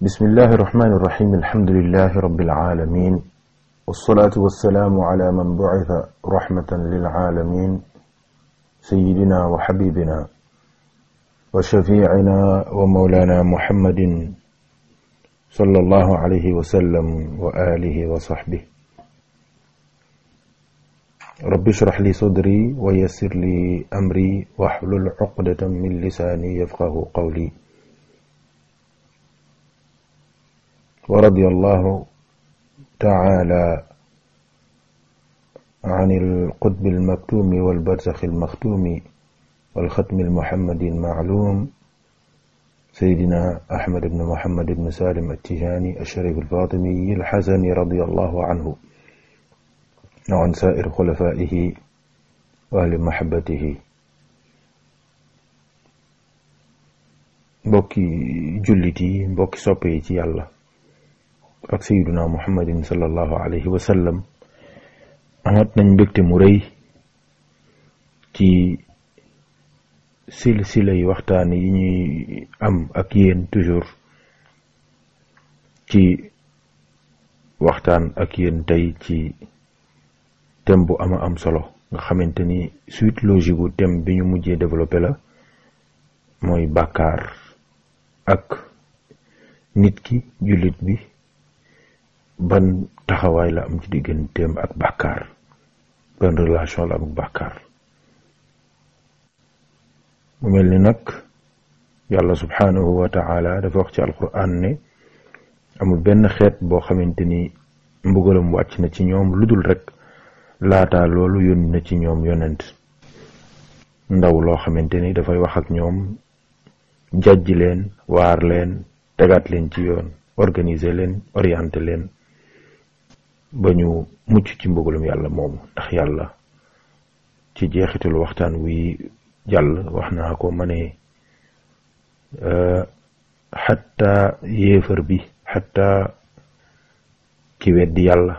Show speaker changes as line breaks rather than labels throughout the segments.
بسم الله الرحمن الرحيم الحمد لله رب العالمين والصلاة والسلام على من بعث رحمة للعالمين سيدنا وحبيبنا وشفيعنا ومولانا محمد صلى الله عليه وسلم وآله وصحبه رب اشرح لي صدري ويسر لي أمري واحلل عقدة من لساني يفقه قولي wa radiyallahu taala an al-qutb al-maktum wal-barzakh al-makhtum wal-khatm al-muhammad al-ma'lum sayyidina Ahmad ibn Muhammad ibn Salim at-Tijani ash-Sharif al-Fatimi al-Hasani radiyallahu anhu wa an saa'ir khulafa'ihi wa ahli mahabbatihi mbokki jullit yi mbokki soppe yi ci yàlla ak sayyiduna muhammadin sallallahu alayhi wa sallam amaat nañ mbégte mu rëy ci sil silsilay waxtaan yi ñuy am ak yéen toujours ci waxtaan ak yéen tey ci thème bu ama am solo nga xamante ni suite logique bu thème bi ñu mujjee développé la mooy bàkkaar ak nit ki jullit bi ban taxawaay la am ci digganteem ak bàkkaar ban relation la am ak bàkkaar mu mel ni nag yàlla subhanahu wa taala dafa wax ci alquran ne amul benn xeet boo xamante ni mbugalam wàcc na ci ñoom lu dul rekk laata loolu yónni na ci ñoom yonent ndaw loo xamante ni dafay wax ak ñoom jàjji leen waar leen degaat leen ci yoon organiser leen orienter leen ba ñu mucc ci mbugalum yàlla moom ndax yàlla ci jeexitul waxtaan wi jàll wax naa ko ma ne xatta euh, yéefar bi xatta ki weddi yàlla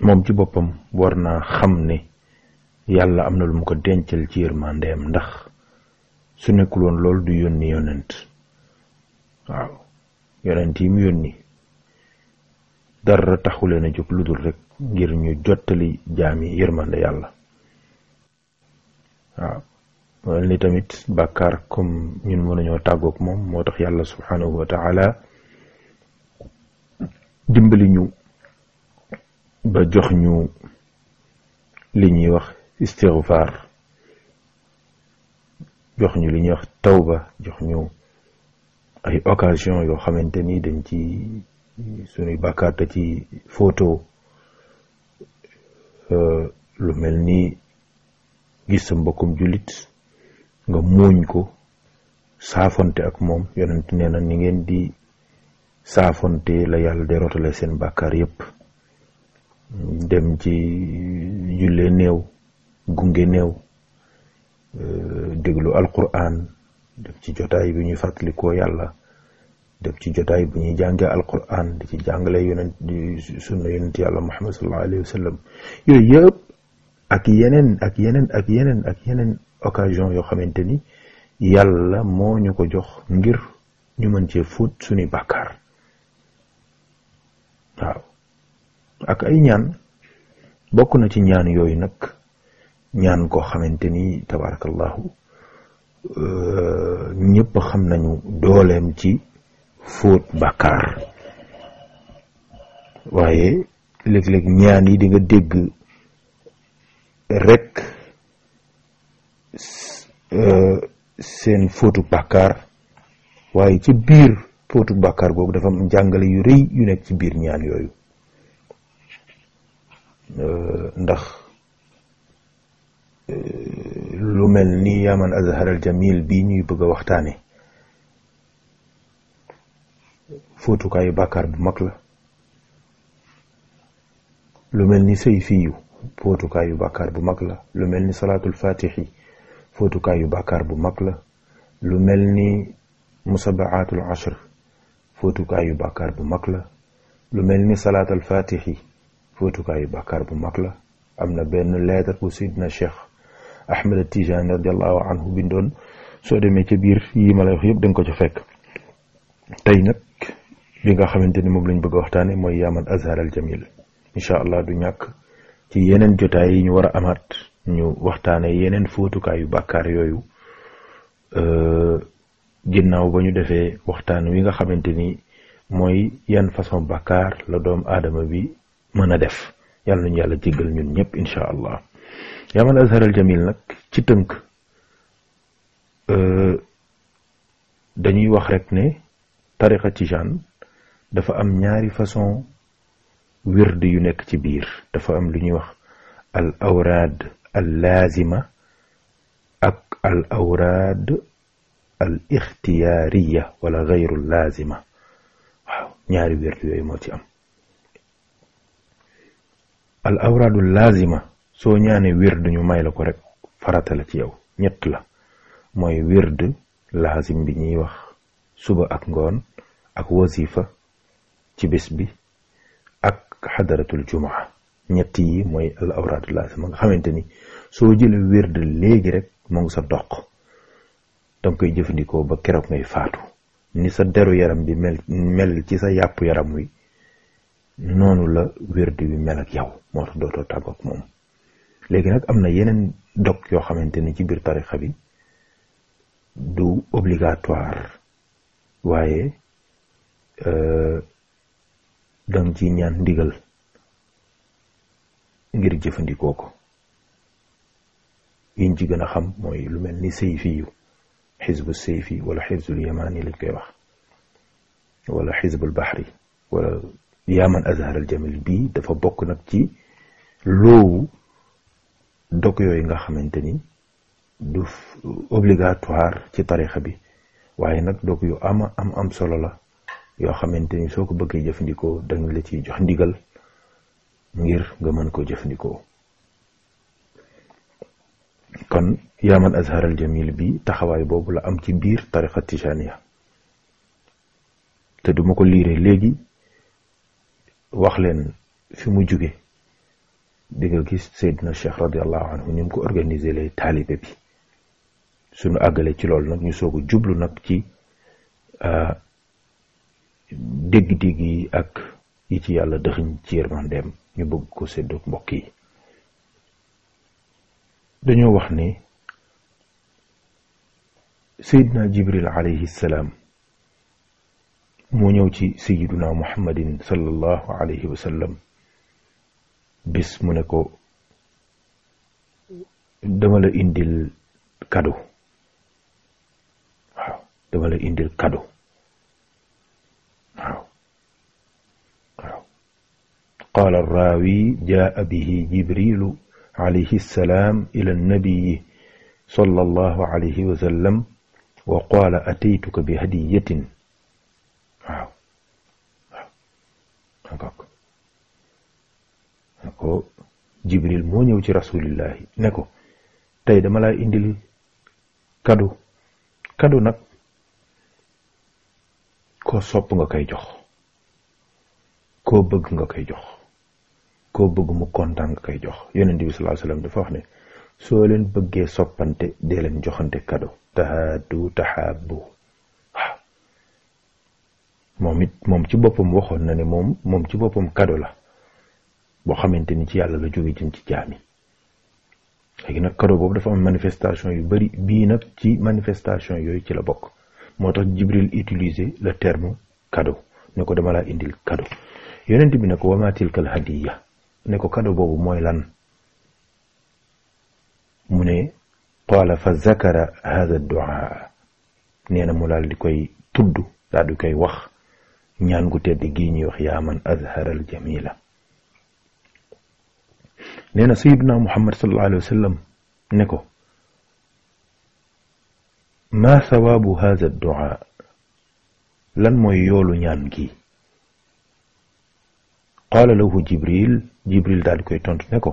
moom ci boppam war naa xam ni yàlla am na lu mu ko dencal ci yërmandeem ndax su nekkuloon loolu du yónni yonent waaw yonent yi mu yónni dara taxu leen a jóg lu dul rek ngir ñu jottali jaam yi yërmande yàlla waaw mel ni tamit bàkkaar comme ñun mën nañoo tàggoog moom moo tax yàlla subhanahu wa taala dimbali ñu ba jox ñu li ñuy wax istigfaar jox ñu li ñuy wax tawba jox ñu ay occasion yoo xamante ni dañ ci suñuy bàkkaar te ci photo euh, lu mel ni gis sa mbokkum jullit nga muuñ ko saafonte ak moom yonent nee ni ngeen di saafonte la yàlla de rotale seen bàkkaar yépp dem ci jullee néew gunge néew euh, déglu alquran dem ci jotaay bi ñuy fàttalikoo yàlla def ci jotaay bu ñuy jàngee alquran di ci jàngale yonent sunna yonent yàlla muhammad sallallahu alayhi wa yooyu yëpp ak yeneen ak yeneen ak yeneen ak yeneen occasion yoo xamante ni yàlla moo ñu ko jox ngir ñu mën cee fóot suñuy bàkkaar waaw ak ay ñaan bokk na ci ñaan yooyu nag ñaan koo xamante ni tabarakallahu euh, ñëpp xam nañu dooleem ci fóot bàkkaar waaye léeg-léeg ñaan yi dinga dégg rekk euh, seen fóotu bàkkaar waaye ci biir fóotu bàkkaar boobu dafa am njàngale yu rëy yu nekk ci biir ñaan yooyu euh, ndax euh, lu mel ni yaaman azhar al jamil bii ñuy bëgg a waxtaane fóotukaayu bàkkaar bu mag la lu mel ni sëy fiyu fóotukaayu bàkkaar bu mag la lu mel ni salaatul fatixi fóotukaayu bàkkaar bu mag la lu mel ni musabaatul ashr fóotukaayu bàkkaar bu mag la lu mel ni salaatul fatixi fóotukaayu bàkkaar bu mag la am na benn lettre bu sidna cheikh ahmed tijaani radiallahu anhu bindoon soo demee ca biir yii ma lay wax yëpp ko ca fekk bi nga xamante ni moom lañ bëgg a waxtaane mooy yaaman azhar al jamil incha allah du ñàkk ci yeneen jotaay yi ñu war a amaat ñu waxtaanee yeneen fóotukaayu bàkkaar yooyu ginnaaw ba ñu defee waxtaan wi nga xamante ni mooy yan façon bàkkaar la doom aadama bi mën a def yàlla nañu yàlla jéggal ñun ñëpp incha allah yaaman azhar jamil nag ci tënk dañuy wax rek ne tariqa tijaan dafa am ñaari façon wird yu nekk ci biir dafa am lu ñuy wax al awraad al laazima ak al awraad al ixtiyaariya wala gayru laazima waaw ñaari wird yooyu moo ci am al awraadu laazima soo ñaanee wird ñu may la ko rek farata la ci yow ñett la mooy wird laazim bi ñuy wax suba ak ngoon ak wasifa ci bés bi ak xadaratul jumaa ñett yi mooy al awraadul azima nga xamante ni soo jëlee wérde léegi rek mu ngi sa doq danga koy jëfandikoo ba keroog ngay faatu ni sa deru yaram bi mel mel ci sa yàpp yaram wi noonu la wérde bi mel ak yow moo tax dootoo tàggook moom léegi nag am na yeneen dog yoo xamante ni ci biir tarixa bi du obligatoire waaye euh, dang ci ñaan ndigal ngir jëfandikoo ko yiñ ci gën a xam mooy lu mel ni sayfiyu xisbu sayfi wala xisbul yamani lañ koy wax wala xisbul baxri wala yaaman azhar al bi dafa bokk nag ci loowu dog yooyu nga xamante ni du obligatoire ci tarixa bi waaye nag dog yu ama am am solo la yoo xamante ni soo ko bëggee jëfandikoo dañu la ciy jox ndigal ngir nga mën koo jëfandikoo kon yaaman azharal jamil bi taxawaay boobu la am ci biir tariqa tijaniya te duma ko liire léegi wax leen fi mu jóge di nga gis Seydina Cheikh radiallahu anhu ni mu ko organisé lay taalibe bi suñu àggale ci loolu nag ñu soog a jublu nag ci euh, dégg-dégg yi ak yi ci yàlla dëxiñ ci yërmandeem ñu bëgg ko séddoog mbokk yi dañoo wax ni seydina jibril alayhi salaam moo ñëw ci sayiduna muhammadin sallallahu alayhi wa bis mu ne ko dama la indil kado waaw dama la indil kado waaw waaw qaala arraawi jaa bihi jibrilu alayhi salaam ila annabiyi sallallahu alayhi wa sallam wa qaala ataytuka bi hadiyatin waaw waaw ne ko jibril moo ñëw ci rasulillahi ne ko tey dama laa indil kado kado nag koo sopp nga koy jox koo bëgg nga koy jox koo bëgg mu kontaan nga koy jox yonent bi sallallahu alayhi dafa wax ne soo leen bëggee soppante dee leen joxante kado tahaadu tahaabu moom it moom ci boppam waxoon na ne moom moom ci boppam kado la boo xamante ni ci yàlla la jóge jëm ci jaami léegi nag kado boobu dafa am manifestation yu bari bii nag ci manifestation yooyu ci la bokk moo tax Jibril utilisé le terme kado ne ko dama laa indil cadeau yonent bi ne ko wama tilkal hadiya ne ko cadeau boobu mooy lan mu ne qaala fa zakara hada duaa nee na mu daal di koy tudd daal di koy wax ñaan gu tedd gii ñuy wax yaa man azhara al jamila nee na sayiduna muhammad sallallahu alayhi ne ko ma sawaabu haza du'a lan mooy yoolu ñaan gi qaala lahu jibril jibril daal di koy tontu ne ko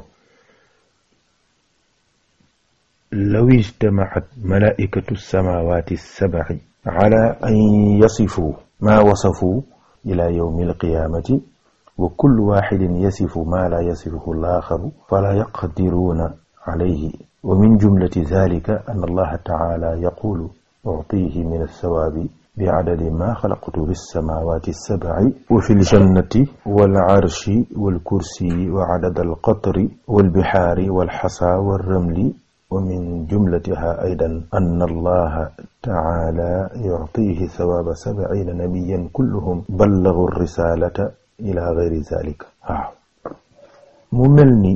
law ijtamaat malaikatu samawati sabai ala an yasifu ma wasafu ila yawmi alqiyamati wa kullu waxidin yasifu ma la yasifuhu alaaxaru fala yaqdiruuna عليه ومن جملة ذلك أن الله تعالى يقول أعطيه من الثواب بعدد ما خلقت في السماوات السبع وفي الجنة والعرش والكرسي وعدد القطر والبحار والحصى والرمل ومن جملتها أيضا أن الله تعالى يعطيه ثواب سبعين نبيا كلهم بلغوا الرسالة إلى غير ذلك waaw mu mel ni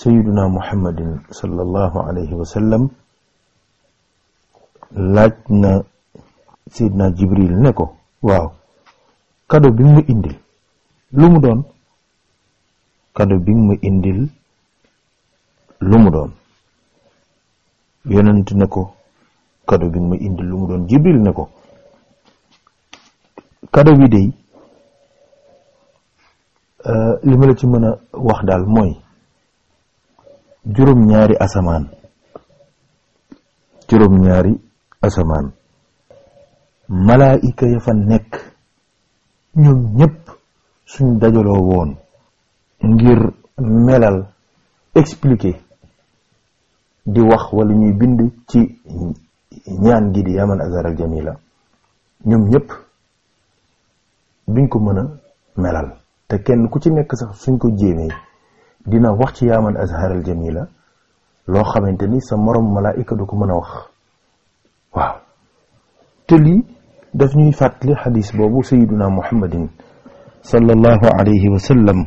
sayyiduna muhammadin sallallahu alayhi wa sallam na sayyiduna jibril ne ko waaw kado bi mu indil lu mu doon kado bi mu indil lu mu doon ne ko kado bi mu indil lu mu jibril ne ko kado bi dey Euh, li ci mën a wax daal mooy juróom ñaari asamaan juróom ñaari asamaan malaayika ya fa nekk ñoom ñëpp suñ dajaloo woon ngir melal expliquer di wax wala ñuy bind ci ñaan gi di yaman azaral jamila ñoom ñëpp duñ ko mën a melal kenn ku ci nekk sax suñ ko jéemee dina wax ci yaaman azharal jamila loo xamante ni sa moroom malaayika du ko mën a wax waaw te daf ñuy fàttali xadis boobu sayiduna muhammadin sallallahu alayhi wa sallam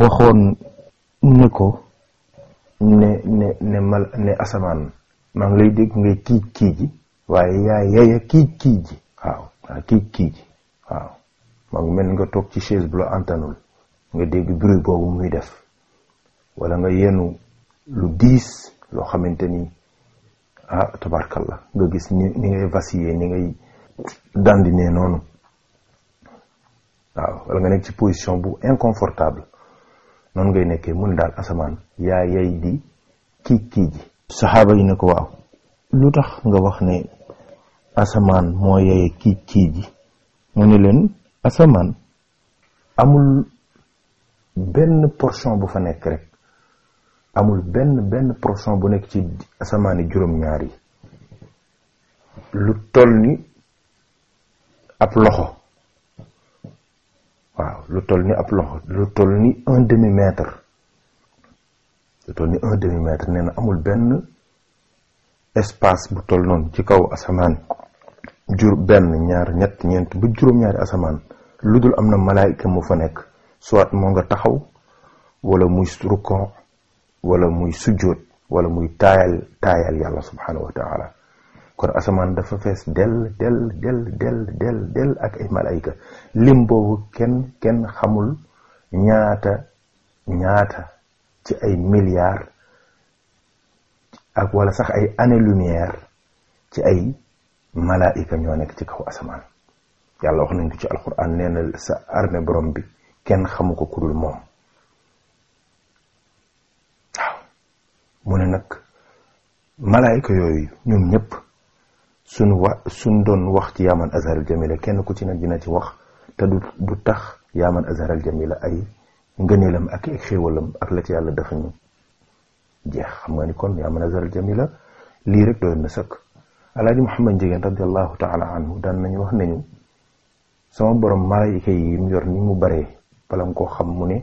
waxoon ne ko ne ne ne mal ne asamaan maa ngi lay dégg ngay kiij kiij waaye yaa yeya kiij kiij waaw waaw kiij kiij waaw moom mel nga toog ci chaise bu la antanul nga dégg bruit boobu muy def walla nga yenu lu diis loo xamante ni ah tabarkalla nga gis ni ni ngay vaciller ni ngay dandine noonu waaw wala nga nekk ci position bu inconfortable noonu ngay nekkee mun daal asamaan yaa yay di kii kii saxaaba yi ne ko waaw lu tax nga wax ne asamaan moo yaye kii kii mu ne leen asamaan amul benn portion bu fa nekk rek amul benn benn portion bu nekk ci asamaani juróom-ñaar yi lu toll ni ab loxo waaw lu toll ni ab loxo lu toll ni un demi mètre lu toll ni un demi mètre amul benn espace bu toll noonu ci kaw asamaan jur benn ñaar ñett ñeent ba juróom-ñaari asamaan lu dul am na malaayika mu fa nekk soit moo nga taxaw wala muy rukon wala muy sujjóot wala muy taayal taayal yàlla subhanahu wa taala kon asamaan dafa fees del del del del ak ay malaayika lim boobu ken kenn xamul ñaata ñaata ci ay milliards ak wala sax ay anne lumière ci ay malaayika ñoo nekk ci kaw asamaan yàlla wax nañ ko ci alquran nee na sa armée borom bi kenn xamu ko kudul moom waaw mu ne nag malaayka yooyu ñoom ñëpp sunu wa suñ doon wax ci yaaman azhar al jamila kenn ku ci ne dina ci wax te du du tax yaaman azhar al jamila ay ngëneelam ak ak xéewalam ak la ci yàlla dafa ñu jeex xam nga ni kon yaaman azhar al jamila lii rek doyoon na sëkk alaaji muhammad njegéen radiallahu taala anhu daan nañu wax nañu sama borom malaayika yi yim yor ni mu bare bala koo xam mu ne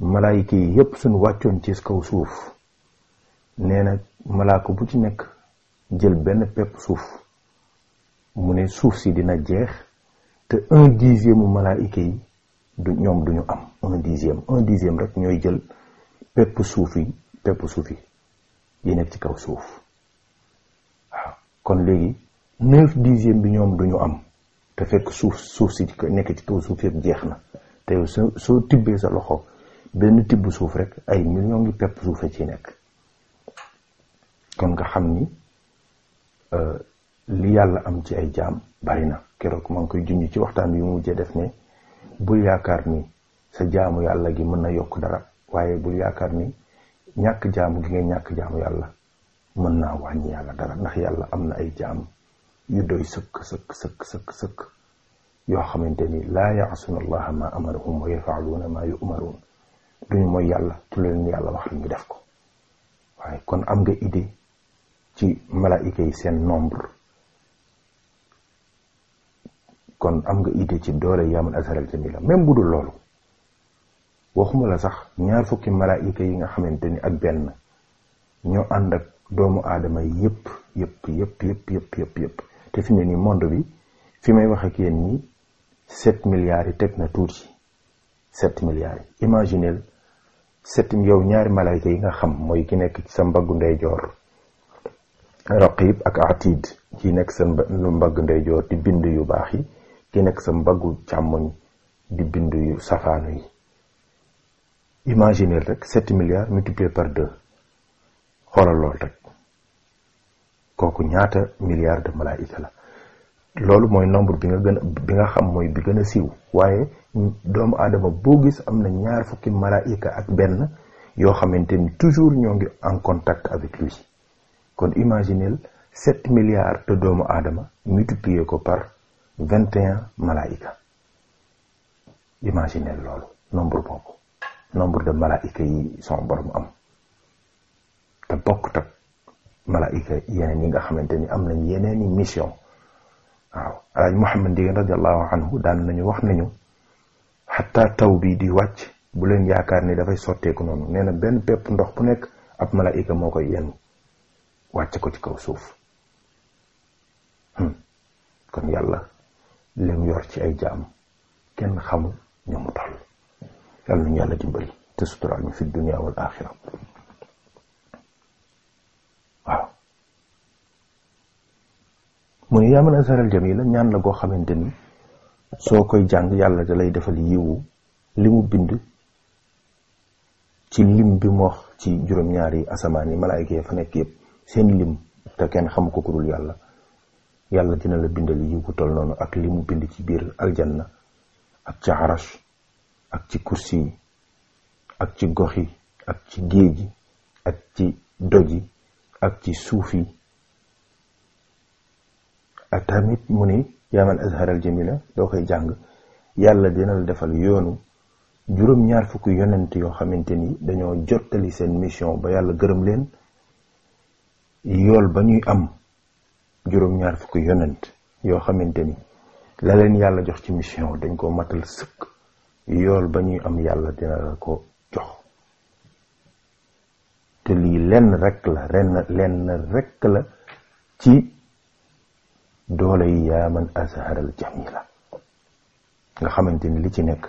malaayika yi yépp suñu wàccoon ci kaw suuf nee na malaaka bu ci nekk jël benn pepp suuf mu ne suuf si dina jeex te un dixième mu yi du ñoom duñu am un dixième un dixième rek ñooy jël pepp suuf yi pepp suuf yi yi nekk ci kaw suuf kon léegi neuf dixième bi ñoom duñu am te fekk suuf suuf si nekk ci kaw suuf yëpp jeex na te yow soo soo tibbee sa loxo benn tibb suuf rek ay million ngi pepp suuf ci nekk kon nga xam ni euh, li yàlla am ci ay jaam bari na keroog maa ngi koy junj ci waxtaan bi mu mujjee def ne bul yaakaar ni sa jaamu yàlla gi mën na yokk dara waaye bul yaakaar ni ñàkk jaamu gi ngay ñàkk jaamu yàlla mën naa wàññi yàlla dara ndax yàlla am na ay jaam yu doy sëkk sëkk sëkk sëkk yoo xamante ni laa yaasuna allaha ma amarahum wa yafaaluuna ma yumaruun duñu mooy yàlla ci lu leen yàlla wax ñu def ko waaye kon am nga idée ci malaayika yi seen nombre kon am nga idée ci doole yaaman asaral jamila même bu dul loolu waxuma la sax ñaar fukki malaayika yi nga xamante ni ak benn ñoo ànd ak doomu aadama yépp yépp yépp yépp yépp yépp yépp te fi mu ne nii monde bi fi may wax ak yéen ñi sept milliards yi teg na tuuti sept milliards yi imaginez sept yow ñaari malayka yi nga xam mooy ki nekk ci sa mbaggu ndeyjoor raqib ak atid ki nekk sa mbaggu ndeyjoor di bind yu baax yi ki nekk sa mbaggu càmmoñ di bind yu safaanu yi imaginez rek sept milliards multiplié par deux xoolal lool rek kooku ñaata milliards de malaayika la loolu mooy nombre bi nga xam mooy bi gën siiw waaye doomu aadama boo gis am na ñaar fukki malaayika ak benn yoo xamante ni toujours ñoo ngi en contact avec lui kon imaginez sept milliards de doomu aadama multiplier ko par vingt et un malaayika imaginez loolu nombre boobu nombre de malaayika yi son borom am te bokk tak malaayika yeneen yi nga xamante ni am nañ yeneen i mission waaw alaaj Muhammad Ndiéguène radiallahu anhu daan nañu wax nañu xataa taw bi di wàcc bu leen yaakaar ni dafay sotteeku noonu nee benn pepp ndox bu nekk ab malaayika moo koy yenn wàcc ko ci kaw suuf hmm. kon yàlla lim yor ci ay jaam kenn xamul ñu mu toll yàlla ñu yàlla dimbali te suturaal fi dunya wal axira mu ne yaa man azharal jamila ñaan la goo xamante ni soo koy jàng yàlla da lay defal yiwu li mu bind ci lim bi mu wax ci juróom-ñaari asamaan yi malaayka yi fa nekk yëpp seen lim te kenn xam ko ku dul yàlla yàlla dina la bindal yiw ku noonu ak li mu bind ci biir aljanna ak ci arash ak ci kursi yi ak ci gox yi ak ci géej gi ak ci doj ak ci suuf yi ak tamit mu ni yaa man azharal la doo koy jàng yàlla dina la defal yoonu juróom ñaar fukki yonent yoo xamante ni dañoo jottali seen mission ba yàlla gërëm leen yool ba ñuy am juróom ñaar fukki yonent yoo xamante ni la leen yàlla jox ci mission dañ ko matal sëkk yool ba ñuy am yàlla dina la ko jox te lii lenn rekk la lenn rekk la ci doole yi yaa man azharal jamila nga xamante ni li ci nekk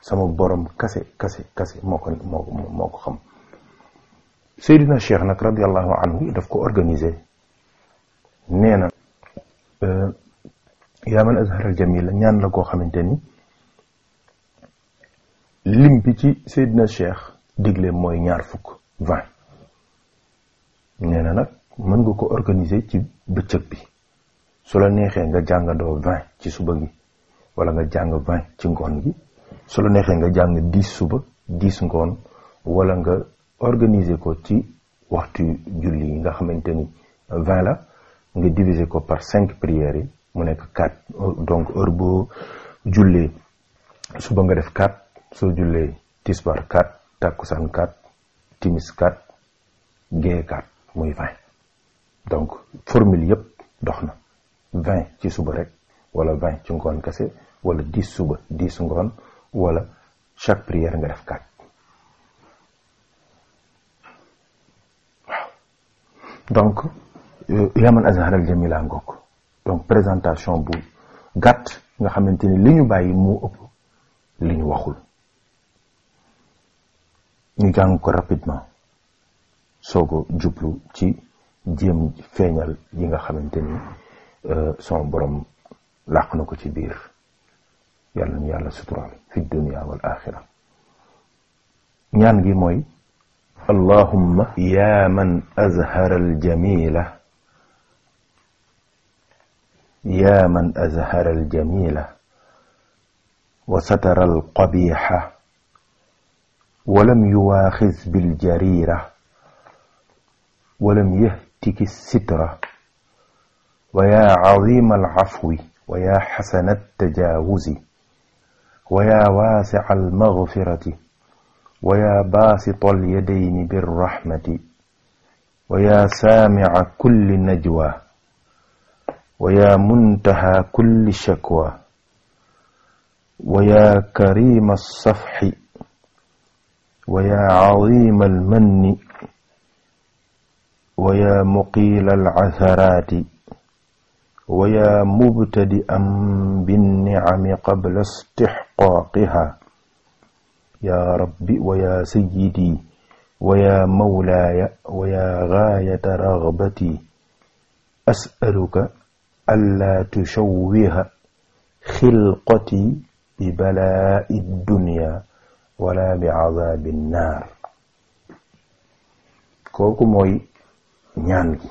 sama borom kase kase kase moo ko moo ko moo ko xam Seydina Cheikh nag radiallahu anhu daf ko organisé nee na euh, yaa man azharal jamila ñaan la koo xamante ni lim bi ci Seydina Cheikh digle mooy ñaar fukk vingt na nag mën nga ko organiser ci bëccëg bi su la neexee nga jàngandoo vingt ci suba gi walla nga jàng vingt ci ngoon gi su la neexee nga jàng dix suba dix ngoon walla nga organiser ko ci waxtu julli yi nga xamante ni vingt la nga diviser ko par cinq prières yi mu nekk quatre donc heure boo jullee suba nga def quatre soo jullee tisbar quatre takkusaan quatre timis quatre gée quatre muy vingt donc formule yëpp dox na vingt ci suba rek wala vingt ci ngoon kese wala dix suba dix ngoon wala chaque prière nga def kaat waaw donc yaman euh, azharal jamila ngokk donc présentation bu gàtt nga xamante ni li ñu bàyyi moo ëpp li ñu waxul ñu jàng ko rapidement soog a jublu ci jéem feeñal yi nga xamante ni Euh, son borom làq na ko ci biir yàlla ñu yàlla suturaal fi dunia wal axira ñaan gi mooy allahumma yaa man azhara aljamila yaa man azhara aljamila wa satara alqabixa walam yuwaaxiz biljarira walam yahtiki sitra ويا عظيم العفو ويا حسن التجاوز ويا واسع المغفرة ويا باسط اليدين بالرحمة ويا سامع كل نجوى ويا منتهى كل شكوى ويا كريم الصفح ويا عظيم المن ويا مقيل العثرات wa yaa mubtadi'an binni'ami qabla istixqaaqiha yaa rabbi wa yaa sayyidi wa yaa mawlaaya wa yaa gaayata ragbati as'aluka allaa tushawwiha xilqati bi balaa'i dunya wala bi azaabi nnaar kooku mooy ñaan gi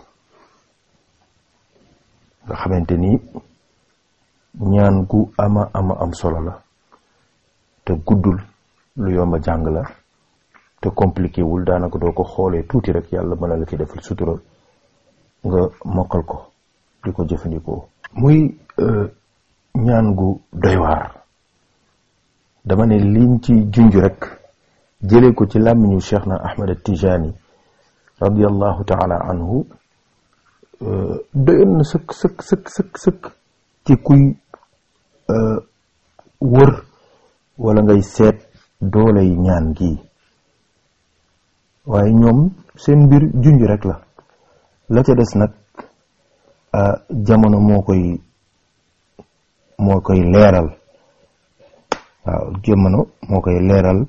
nga xamante ni ñaan gu ama ama am solo la te guddul lu yomb a jàng la te compliqué wul daanaka doo ko xoolee tuuti rek yàlla mën na la ci defal sutura nga mokkal ko di ko jëfandikoo. muy euh, ñaan gu doy waar dama ne liñ ci junj rek jëlee ko ci làmmiñu Cheikh na Ahmed Tijani radiyallahu taala anhu doyoon na sëkk sëkk sëkk sëkk sëkk ci kuy euh, wër wala ngay seet doolay ñaan gi waaye ñoom seen mbir junj rek la la ca des nag euh, jamono moo koy moo koy leeral waaw jamono moo koy leeral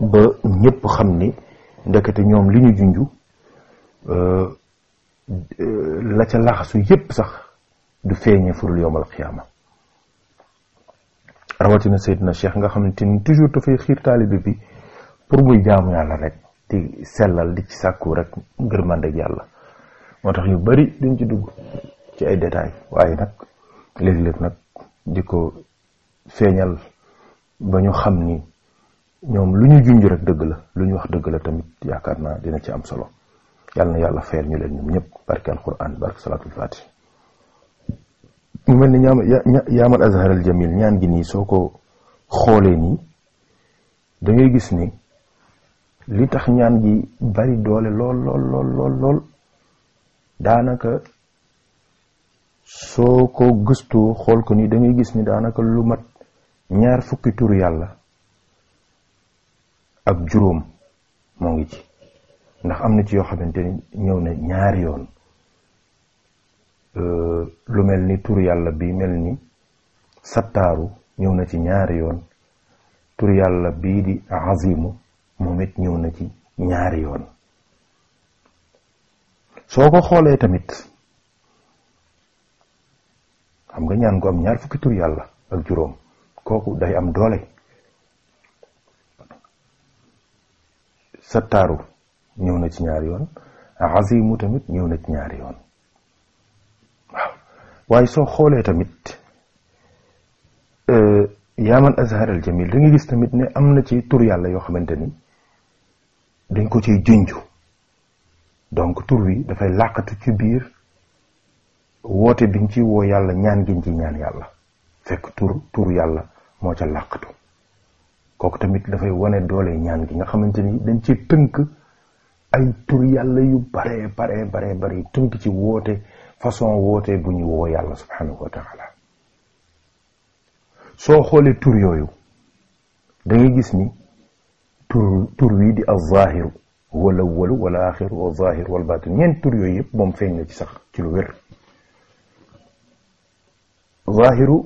ba ñëpp xam ni ndekete ñoom li ñu junj euh, Euh, la ca laxasu yépp sax du feeñee furul yowmal xiyaama rawatina na Cheikh nga xamante ni toujours dafay xiir taalibe bi pour muy jaamu yàlla rek di sellal di ci sàkku rek ngërmande yàlla moo tax yu bari duñ ci dugg ci ay détails waaye nag léeg-léeg nag di ko feeñal ba ñu xam ni ñoom lu ñu junj rek dëgg la lu ñu wax dëgg la tamit yaakaar naa dina ci am solo yàlla na yàlla feer ñu leen ñoom ñëpp barke alquran barke salaatul fatih mu mel ni ñaam yaamal azhar jamil ñaan gi nii soo ko xoolee nii da gis ni li tax ñaan gi bari doole lool lool lool lool lool daanaka soo ko gëstoo xool ko nii da gis ni daanaka lu mat ñaar fukki tur yàlla ak juróom moo ngi ci ndax am na ci yoo xamante ni ñëw na ñaari yoon euh, lu mel ni tur yàlla bi mel ni sattaaru ñëw na ci ñaari yoon tur yàlla bii di azimu moom it ñëw na ci ñaari yoon soo ko xoolee tamit am nga ñaan ko am ñaar fukki tur yàlla ak juróom kooku day am doole sattaaru ñëw na ci ñaar yoon azimu tamit ñëw na ci ñaari yoon waaw waaye soo xoolee tamit euh, yaa man azhar al gis tamit ne am na ci tur yàlla yoo xamante ni dañ ko ciy junju donc tur wi dafay làqatu ci biir woote biñ ci woo yàlla ñaan giñ ñaan yàlla fekk tur tur yàlla moo ca làqatu kooku tamit dafay wane doole ñaan gi nga xamante ni dañ ci tënk ay tur yàlla yu bare bare bare bare tump ci woote façon woote bu ñu woo yàlla subhanahu wa taala soo xoolee tur yooyu da gis ni tur tur wii di az-zahiru wala walu wala axiru wa zahir wal tur yooyu yëpp moom feeñ na ci sax ci lu wér zahiru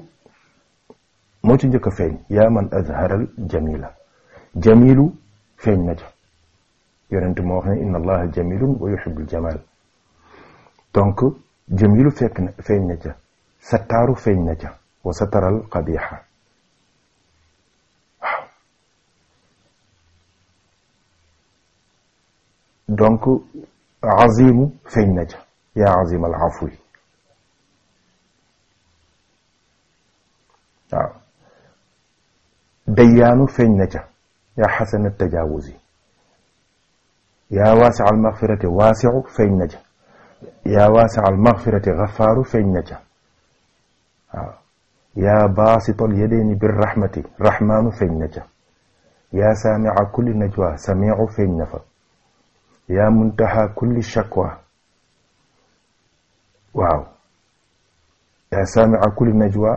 moo ci njëkk a feeñ yaa man azharal jamila jamilu feeñ na ca yonent moo wax ne inna allaha jamilun wa yuhibbul jamal donc jamilu fekk na feeñ na ca sattaaru feeñ na ca wa sataral qabiha waaw donc azimu feeñ na ca yaa azim al afwi waaw dayyaanu feeñ na ca yaa xasana tajawuzi yaa waasi al maxfirati waasiu feeñ na ca yaa waasi al maxfirati xafaaru feeñ na ca waaw yaa baasital yedeeni bir rahmati rahmaanu feeñ na ca yaa saamia kulli najwa samiu feeñ na fa yaa muntaha kulli shakwa waaw yaa saamia kulli najwa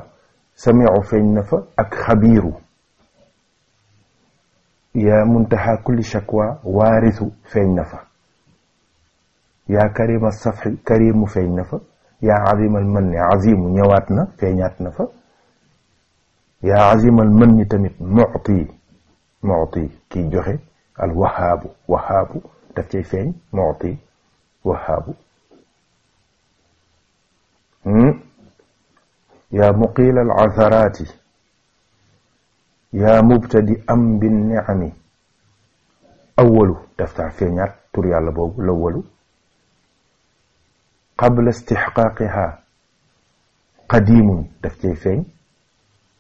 samiu feeñ na fa ak xabiiru yaa muntaha kulli shakwa waarisu feeñ na fa yaa karima safxi karimu feeñ na fa yaa azimal mën ni azimu ñëwaat na feeñaat na fa yaa azimal mën ni tamit muti muti kiy joxe al wahaabu wahaabu daf cay feeñ muti wahaabu hmm? yaa muqiil al azaraati yaa mubtadi am bi niami awalu daf saa feeñaat tur yàlla boobu lawalu qabla istixqaaqiha qadimun daf cay feeñ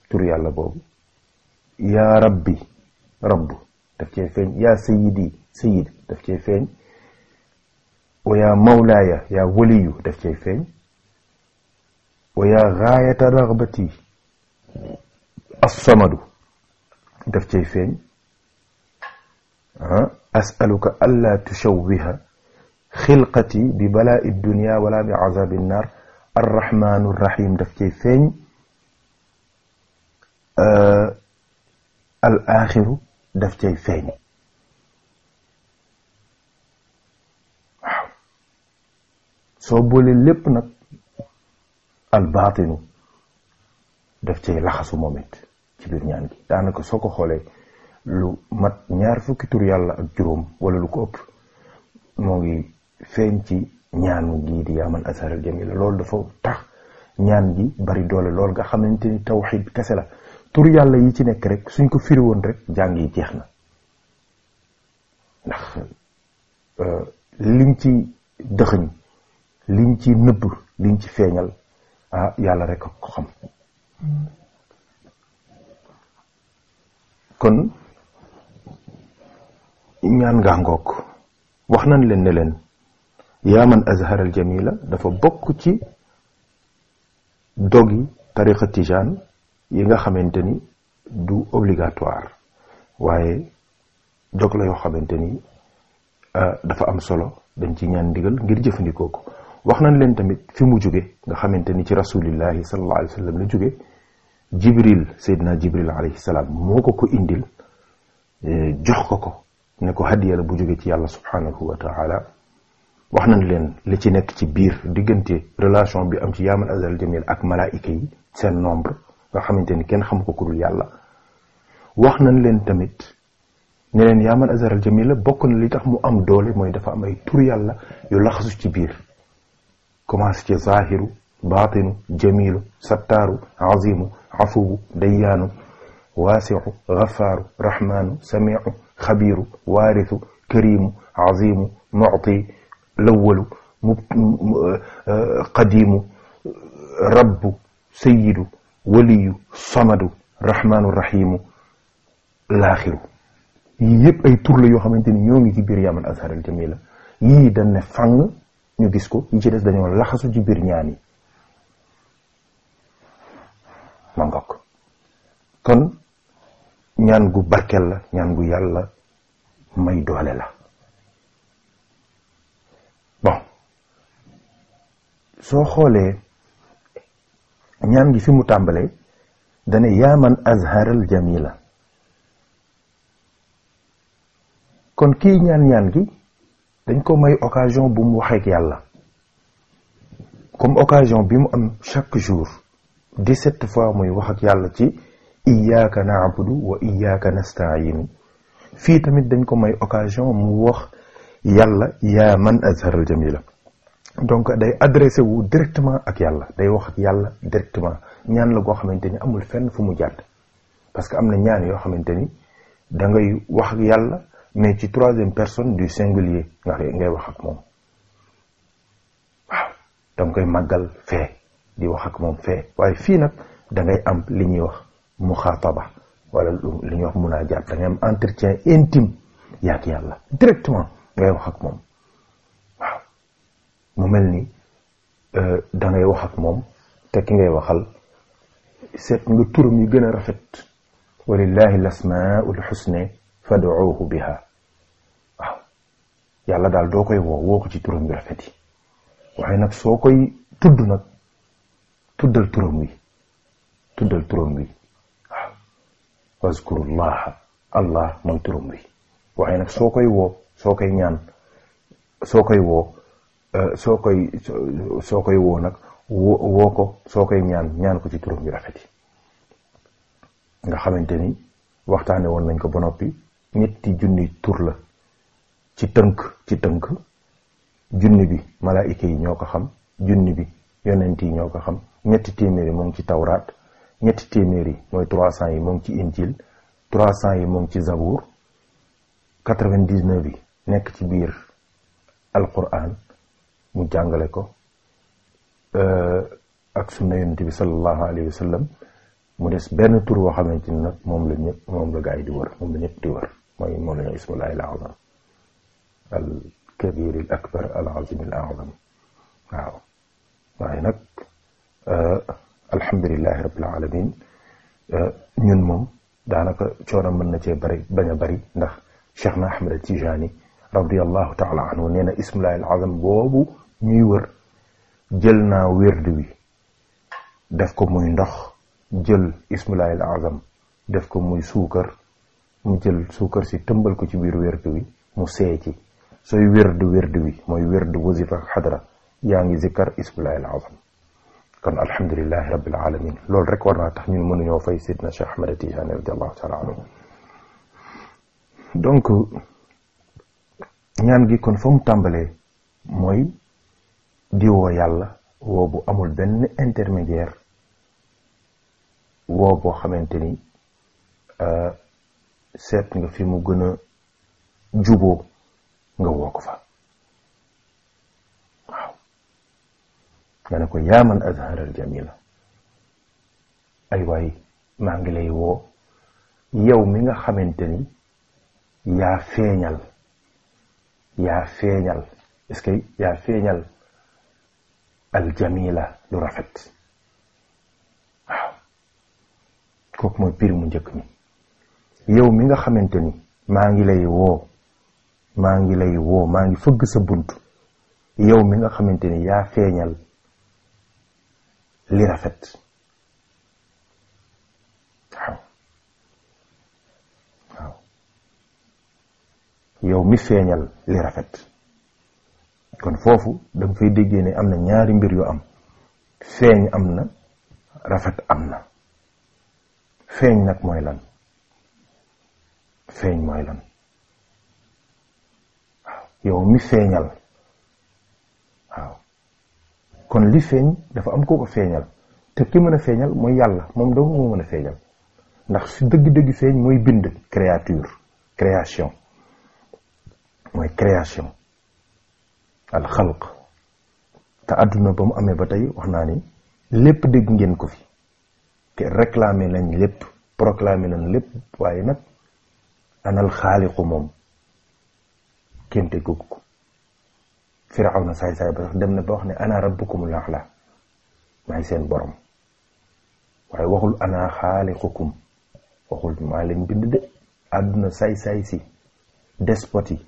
tur yàlla boobu yaa rabbi rabb daf cay feeñ yaa sayidi sayid daf cay feeñ wa yaa mawlaaya yaa waliyu daf cay feeñ wa yaa gaayata ragbati assamadu daf cay feeñ ah, asaluka alla tushawwiha xilqati bi balaa'i dunia wala bi azabi nnar arrahmanu rahim daf cay feeñ ah, al axiru daf cay feeñ waaw soo boole lépp nag al baatinu daf cay laxasu moom it ci biir daanaka soo ko xoolee lu mat ñaar fukki tur yàlla ak juróom wala lu ko ëpp moo ngi feeñ ci ñaan gii di yaaman asaral jamila loolu dafa tax ñaan gi bari doole lool nga xamante ni tawxid kese la tur yàlla yi ci nekk rek suñ ko firi woon rek jàng yi jeex na ndax euh, liñ ci dëxëñ liñ ci nëbb liñ ci feeñal ah, yàlla rek ko xam hmm. kon ñaan ngaa ngoog wax nañ leen ne leen yaa man azhar al jamila dafa bokk ci dogi tariqa tijaan yi nga xamante ni du obligatoire waaye dog la yoo xamante ni euh, dafa am solo dañ ci ñaan ndigal ngir jëfandikoo ko wax nan leen tamit fi mu jóge nga xamante ni ci rasulillahi sallallahu alayhi wa la jóge jibril seydina jibril alayhi salaam moo ko ko indil eh, jox ko ko ne ko hadiya bu jóge ci yàlla subhanahu wa taala wax nañ leen li ci nekk ci biir diggante relation bi am ci yaamal azal jamil ak malaayika yi seen nombre nga xamante ni kenn xamu ko ku dul yàlla wax nañ leen tamit ne leen yaamal azal jamil la bokk na li tax mu am doole mooy dafa am ay tur yàlla yu laxasu ci biir commencé ci zahiru baatinu jamilu sattaaru azimu afuwu dayyaanu waasiu gafaaru rahmaanu samiicu xabiiru waarisu kariimu azimu mucti lawwalu mu qadiimu rabbu sayidu waliyu samadu rahmaanu rahiimu laaxiru yii yëpp ay tur la yoo xamante ni ñoo ngi ci biir yaaman azhar al jamila yii dañ ne fang ñu gis ko yi ci des dañoo laxasu ci biir ñaan yi kon ñaan gu barkeel la ñaan gu yàlla may doole la bon soo xoolee ñaan gi fi mu tàmbalee dane yaa man azharal jamila kon kii ñaan ñaan gi dañ ko may occasion bu mu waxeek yàlla comme occasion bi mu am chaque jour dix-sept fois muy wax yàlla ci iyyaka na'budu wa iyyaka nasta'in fii tamit dañ ko may occasion mu wax yàlla yaa man azharal jamila donc day adressé wu directement ak yàlla day wax ak yàlla directement ñaan la goo xamante ni amul fenn fu mu jàdd parce que am na ñaan yoo xamante ni da ngay wax ak yàlla mais ci troisième personne du singulier nga ngay wax ak moom waaw da koy màggal fee di wax ak moom fee waaye fii nag da am li ñuy wax mu muxaataba wala lu ñuy wax munaajaat da ngay am entretien intime yaak yàlla directement ngay wax moom mu mel ni euh, da ngay moom te ki ngay waxal seet nga turam yu gën a rafet walillahi lasmaul xusne fad'uuhu biha waaw yàlla daal doo koy woo ko ci turam yu rafet yi waaye nag soo koy tudd nag tuddal turam wi tuddal turam wi wazkurullaha allah mooy turam wi waaye nag soo koy woo soo koy ñaan soo koy woo eh, soo koy soo koy woo nag woo ko soo koy ñaan ñaan ko ci turam yu rafet yi nga xamante ni waxtaane woon nañ ko ba noppi ñetti junni tur la ci tënk ci tënk junni bi malaayika yi ñoo ko xam junni bi yonent yi ñoo ko xam ñetti téeméeri moom ci tawraat ñetti téeméer yi mooy 300 yi mu ngi ci injil 300 yi mu ngi ci zabour 99 yi nekk ci biir alquran mu jàngale ko euh, ak sunna yonent bi sallallahu alayhi wa sallam mu des benn tur boo xamante ni nag moom la ñëpp moom la gaa yi di wër moom la ñëpp di wër mooy moom la ñu ismullahi al azam al kabir al akbar al azim al azam waaw waaye nag euh, alhamdulilahi rabbil alamin euh, ñun moom daanaka coono mën na cee bari bañ a bari ndax cheikh na ahmad tijani radiallahu taala anhu nee na ismullahi alazam boobu ñuy wër jël naa wérd wi def ko muy ndox jël ismullahi alazam def ko muy suukar mu jël suukar si tëmbal ko ci biir wérd wi mu see ci sooy wérd wérd wi mooy wérd wasifa xadra yaa ngi zikkar ismullahi alazam kon alhamdulilahi rabbil alamin loolu rek war naa tax ñun mënuñoo fay sidna Cheikh Ahmad Tijaani radiallahu taala anhu donc ñaan gi kon fa mu tàmbalee mooy di woo yàlla woo bu amul benn intermédiaire woo boo xamante ni euh, seet nga fi mu gën a juboo nga woo ko fa nga ne ko yaa man azharal jamila ay waay maa ngi lay woo yow mi nga xamante ni yaa feeñal yaa feeñal est-ce que yaa feeñal aljamila lu rafet waaw kooku mooy pir mu njëkk mi yow mi nga xamante ni maa ngi lay woo maa ngi lay woo maa ngi fëgg sa bunt yow mi nga xamante ni yaa feeñal li rafet waaw waaw mi feeñal li rafet kon foofu da nga fay déggee am na ñaari mbir yu am feeñ am na rafet am na feeñ nag mooy lan feeñ mooy lan waaw yow mi feeñal waaw kon li feeñ dafa am koo ko feeñal te ki mën a feeñal mooy yàlla moom dong moo mën a feeñal ndax su dëgg-dëgg feeñ mooy bind créature création mooy création al xalq te àdduna ba mu amee ba tey wax naa ni lépp dégg ngeen ko fi te réclamer nañ lépp proclamer nañ lépp waaye nag anal xaaliqu moom kenn déggu ko Firawna saay saay ba tax dem na ba wax ne ana rabbukumul a'la maay seen borom waaye waxul ana xaaliqukum waxul maa leen bind de àdduna saay saay si despote yi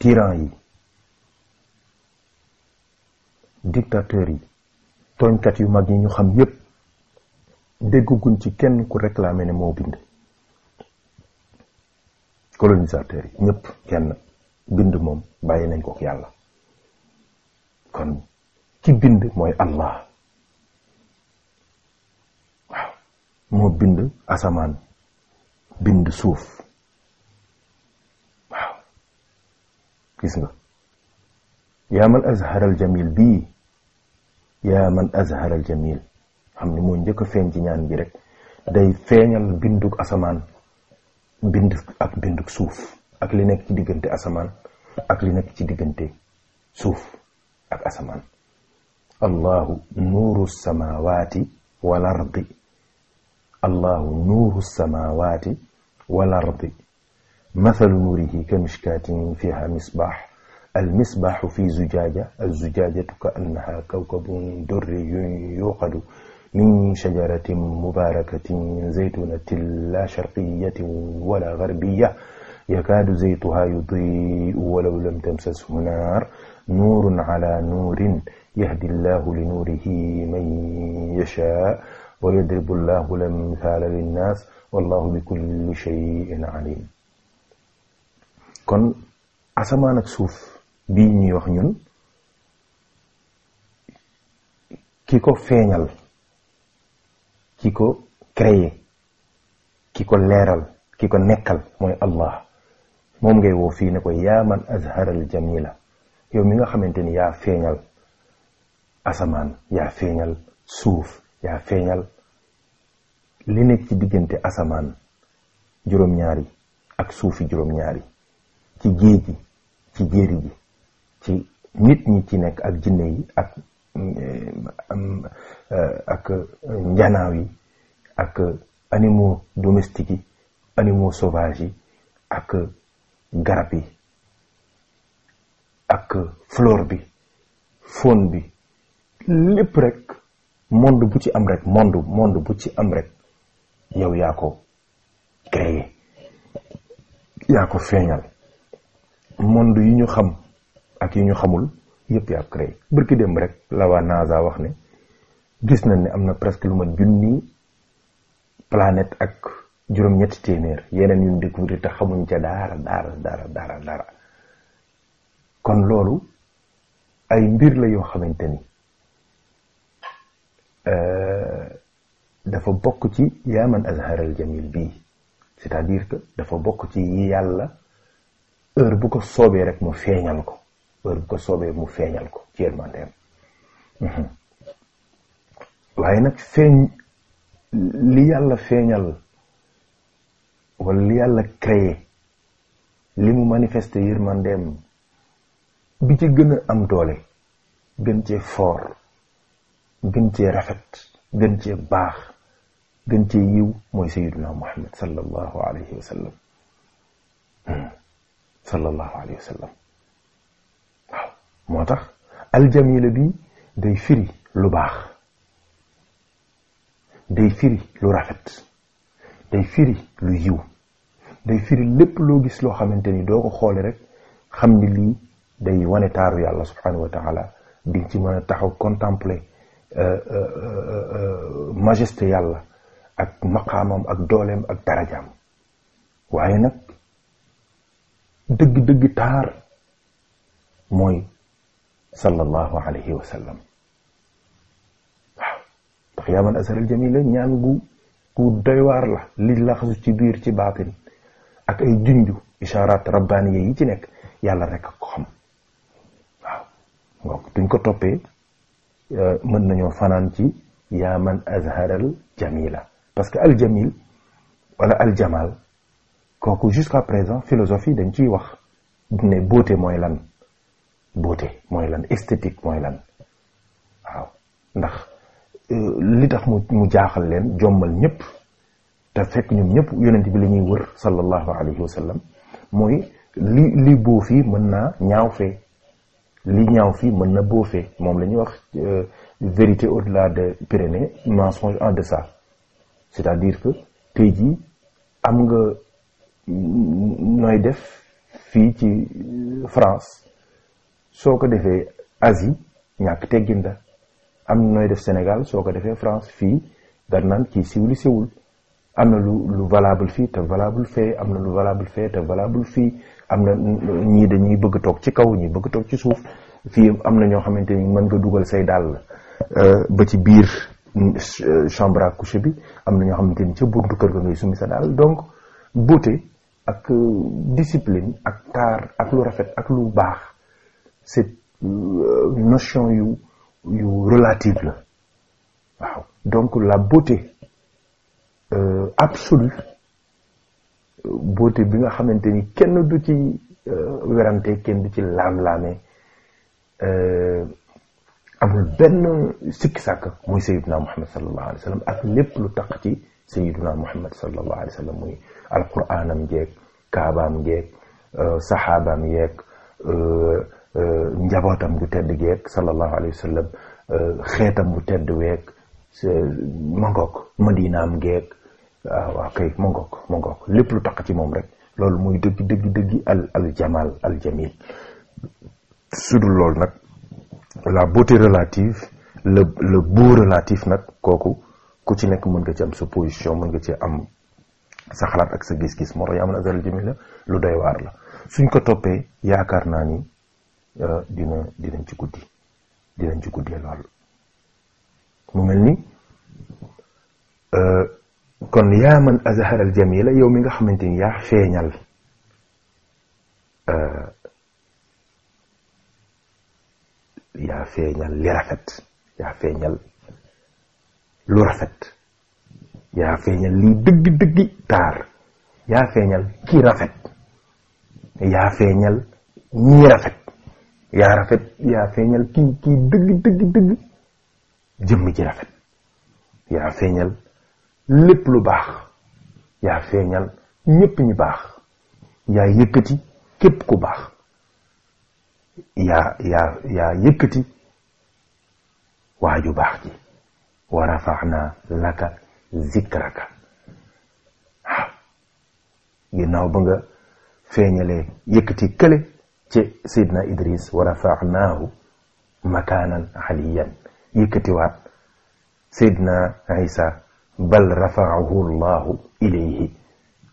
tyran yi dictateur yi tooñkat yu mag yi ñu xam yépp dégguñ ci kenn ku réclamer ne moo bind colonisateur yi ñépp kenn bind moom bàyyi nañ ko yàlla kon ki bind mooy allah waaw moo bind asamaan bind suuf waaw gis nga yaa man azhara al bii yaa man azhara al xam ni moo njëkk a feeñ ci ñaan gi rek day feeñal binduk asamaan bind ak binduk suuf ak li nekk ci diggante asamaan ak li nekk ci diggante suuf ak asamaan allahu nuuru samaawaati wal ardi allahu nuuru samaawaati wal ardi mathalu nuurihi ka mishkaatin fiiha misbaax almisbaaxu fi zujaaja alzujaajatu ka annaha kawkabun durriyun yuuqadu min shajaratin mubaarakatin zaytuunatin laa sharqiyyatin wala garbiya yakaadu zaytuhaa yudii'u walaw lam tamsashu naar nuurun ala nuurin yahdi llaahu li nuurihi man yashaa wa yadribu llaahu l-amthaala linnaas wallaahu bi kulli shay'in aliim kon asamaan ak suuf bii ñuy wax ñun ki ko feeñal ki ko créé ki ko leeral ki ko nekkal mooy Allah moom ngay woo fii ne ko yaa man azharal jamila yow mi nga xamante ni yaa feeñal asamaan yaa feeñal suuf yaa feeñal li nekk ci diggante asamaan juróom-ñaari ak suufi juróom-ñaari ci géej gi ci jéeri ji ci nit ñi ci nekk ak jinne yi ak mm, eh, eh, njanaaw yi ak animaux domestiques yi animaux sauvages yi garab yi ak fleur bi faune bi lépp rek monde bu ci am rek monde bu ci am rek yow yaa ko créé yaa ko feeñal monde yi ñu xam ak yi ñu xamul yëpp yaa ko créé bërki dem rek la waa NASA wax ne gis nañ ni am na presque lu ma junni planète ak juróom ñetti téeméer yeneen ñun découvrir te xamuñ ca dara dara dara dara kon loolu ay mbiir la yoo xamante euh, dafa bokk ci yaa man azharal jamil bii c'est-à-dire que dafa bokk ci yàlla heure bu ko soobee rek mu feeñal ko heure bu ko soobee mu feeñal ko ci yërmandeem waaye nag feeñ li yàlla feeñal wala li yàlla créé li mu manifesté yërmandeem bi ci gën am doole gën cee foor gën cee rafet gën cee baax gën ci yiw mooy sayyiduna muhammad sallallahu alayhi wa sallam hmm. sallallahu alayhi wa sallam waaw moo tax aljamila bi day firi lu baax day firi lu rafet day firi lu yiw day firi lépp loo gis loo xamante ni doo ko xoole rek xam ni lii day wane taaru yàlla subhanahu wa taala di ci mën a taxaw contempler euh, euh, euh, majesté yàlla ak maqaamam ak dooleem ak darajaam waaye nag dëgg-dëgg taar mooy sallallahu alayhi wa sallam waaw ndax yaa man asar al jamila ñaan gu gu doy waar la li laxasu ci biir ci baatin ak ay junju isharaat rabbaaniya yi ci nekk yàlla rek ak xam waaw donc duñ ko toppee euh, mën nañoo fanaan ci yaa man azharal jamila parce que al jamil wala al jamal kooku jusqu'à présent philosophie dañ ciy wax ne beauté mooy lan beauté mooy lan esthétique mooy lan waaw ndax euh, li tax mu mu jaaxal leen jommal ñëpp te fekk ñoom ñëpp yonent bi la ñuy wër sallallahu alayhi wa sallam mooy li li boo fii mën naa ñaaw fee li ñaaw fii mën na boo fee moom la ñuy wax euh, vérité au-delà de Pyrénées mensonge en deçà c'est-à-dire que tey jii am nga nooy def fii ci euh, France soo ko defee Asie ñàkk teggin am nooy def Sénégal soo ko defee France fii dar naan kii siwli siwul am na lu lu valable fii te valable fee am na lu valable fee te valable fii am na ñii dañuy bëgg toog ci kaw ñi bëgg toog ci suuf fii am na ñoo xamante ni mën nga dugal say dàll euh, ba ci biir mm, euh, chambre à coucher bi am na ñoo xamante ni ca buntu kër ga ngay sumi sa daal donc beauté ak euh, discipline ak taar ak lu rafet ak lu baax c'est notion yu yu relative la waaw donc la beauté Euh, absolue euh, beauté bi nga xamante ni kenn du ci euh, werante kenn du ci laam-laame amul benn sikki sàkk muy sayiduna muhammad sallallahu alayhi wa ak lépp lu tax ci sayiduna muhammad sallallahu alayhi wa sallam muy alquranam njeeg kaabaam njeeg saxaabaam yeeg njabootam bu tedd geeg sallallahu alayhi wa xeetam bu tedd weeg mangook madinaam geeg waaw ah, waaw kay mu ngoog lépp lu tax ci moom rek loolu muy dëgg dëgg dëgg al al jamal al jamil sudul loolu nag la beauté relative le le beau relatif nag kooku ku ci nekk mën nga ci am sa position mën nga ci am sa xalaat ak sa gis-gis moo tax yaa mën a azal jamil la lu doy waar la suñ ko toppee yaakaar naa ni euh, dina dinañ ci guddi dinañ ci guddee lool mu mel ni kon yaa man azhara al jamila yow mi nga xamante ni yaa feeñal euh, yaa feeñal li rafet yaa feeñal lu rafet yaa taar yaa feeñal ki rafet yaa feeñal ñi rafet yaa rafet yaa feeñal kii kii dëgg dëgg dëgg rafet yaa feeñal lépp lu baax yaa feeñal ñépp ñu baax yaa yëkkati képp ku baax yaa yaa waaju baax ji wa rafaxna laka zikraka waaw ginnaaw ba nga feeñalee yëkkati ci Seydina Idris wa rafaxnaahu makaanan aliyan yëkkatiwaat Seydina Isa bal rafaahu llahu ilayhi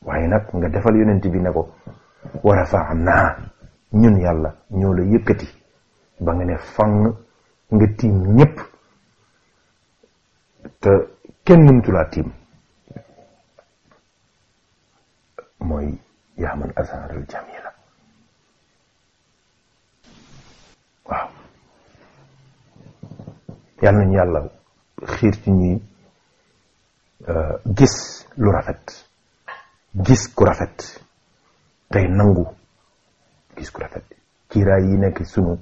waaye nag nga defal yonent bi ne ko wa rafaanaa ñun yàlla ñoo la yëkkati ba ne fang nga tiim ñépp te kenn mënutulaa tiim mooy yaa man azharal jamila waaw yàlla nañu yàlla ci ñuy Euh, gis lu rafet gis ku rafet tey nangu gis ku rafet kiiraay yi nekk sunu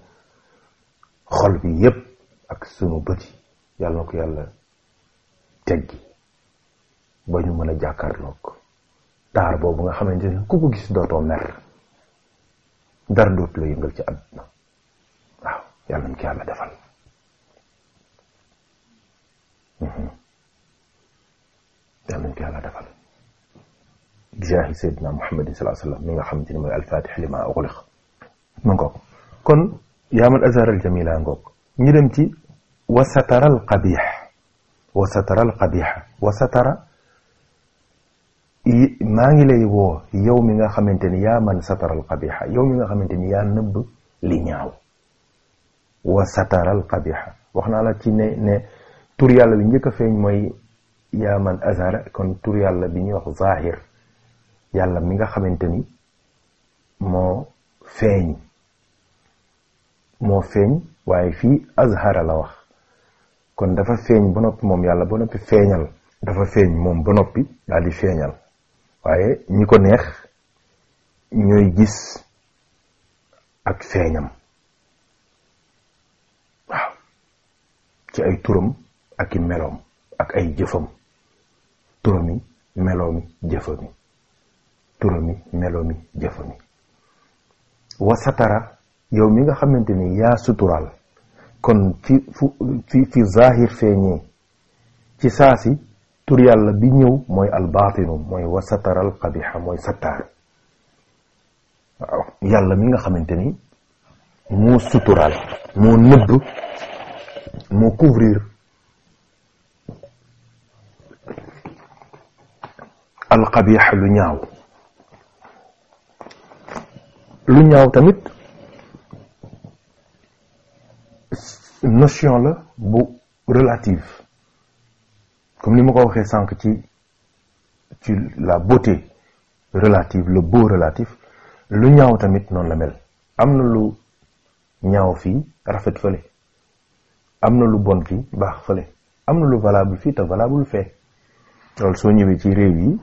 xol bi yépp ak sunu bët yàlla na ko yàlla teggi ba ñu mën a jàkkaarloog taar boobu nga xamante ne ku ko gis dootoo mer dara dootu yëngal ci àdduna waaw yàlla na ko yàlla defal. Mhm. yàlla nañ ko yàlla defal jaahi sayyidina muhammadin sallallahu alayhi wa sallam mi nga xamante ni mooy alfatih lima ughliq ma ngoog kon yaa man azharal jamila ngoog ñu dem ci wa satara al qabih wa satara al qabih wa satara maa ngi lay woo yow mi nga xamante ni yaa man satara al qabih yow mi nga xamante ni yaa nëbb li ñaaw wa satara al wax naa la ci tur yàlla bi feeñ mooy yaa man kon tur yàlla bi ñuy wax zahir yàlla mi nga xamante ni moo feeñ moo feeñ waaye fii azhara la wax kon dafa feeñ ba noppi moom yàlla ba noppi feeñal dafa feeñ moom ba noppi daal di feeñal waaye ñi ko neex ñooy gis ak feeñam waaw ci ay turam ak i meloom ak ay jëfam tura mi meloo mi jëfa mi tura mi nga xamante ni yaa suturaal kon ci fu ci ci zahir feeñee ci saasi tur yàlla bi ñëw mooy albaatinu mooy wa satara al qabiha mooy sattaar waaw yàlla mi nga xamante ni moo nëbb moo couvrir alqabiix lu ñaaw lu ñaaw tamit notion la bu relative comme ni ma ko waxee sànq ci ci la beauté relative le beau relatif lu ñaaw tamit noonu la mel am na lu ñaaw fii rafet fële am na lu bon fii baax fële am na lu valable fii te valable fee loolu soo ñëwee ci réew yi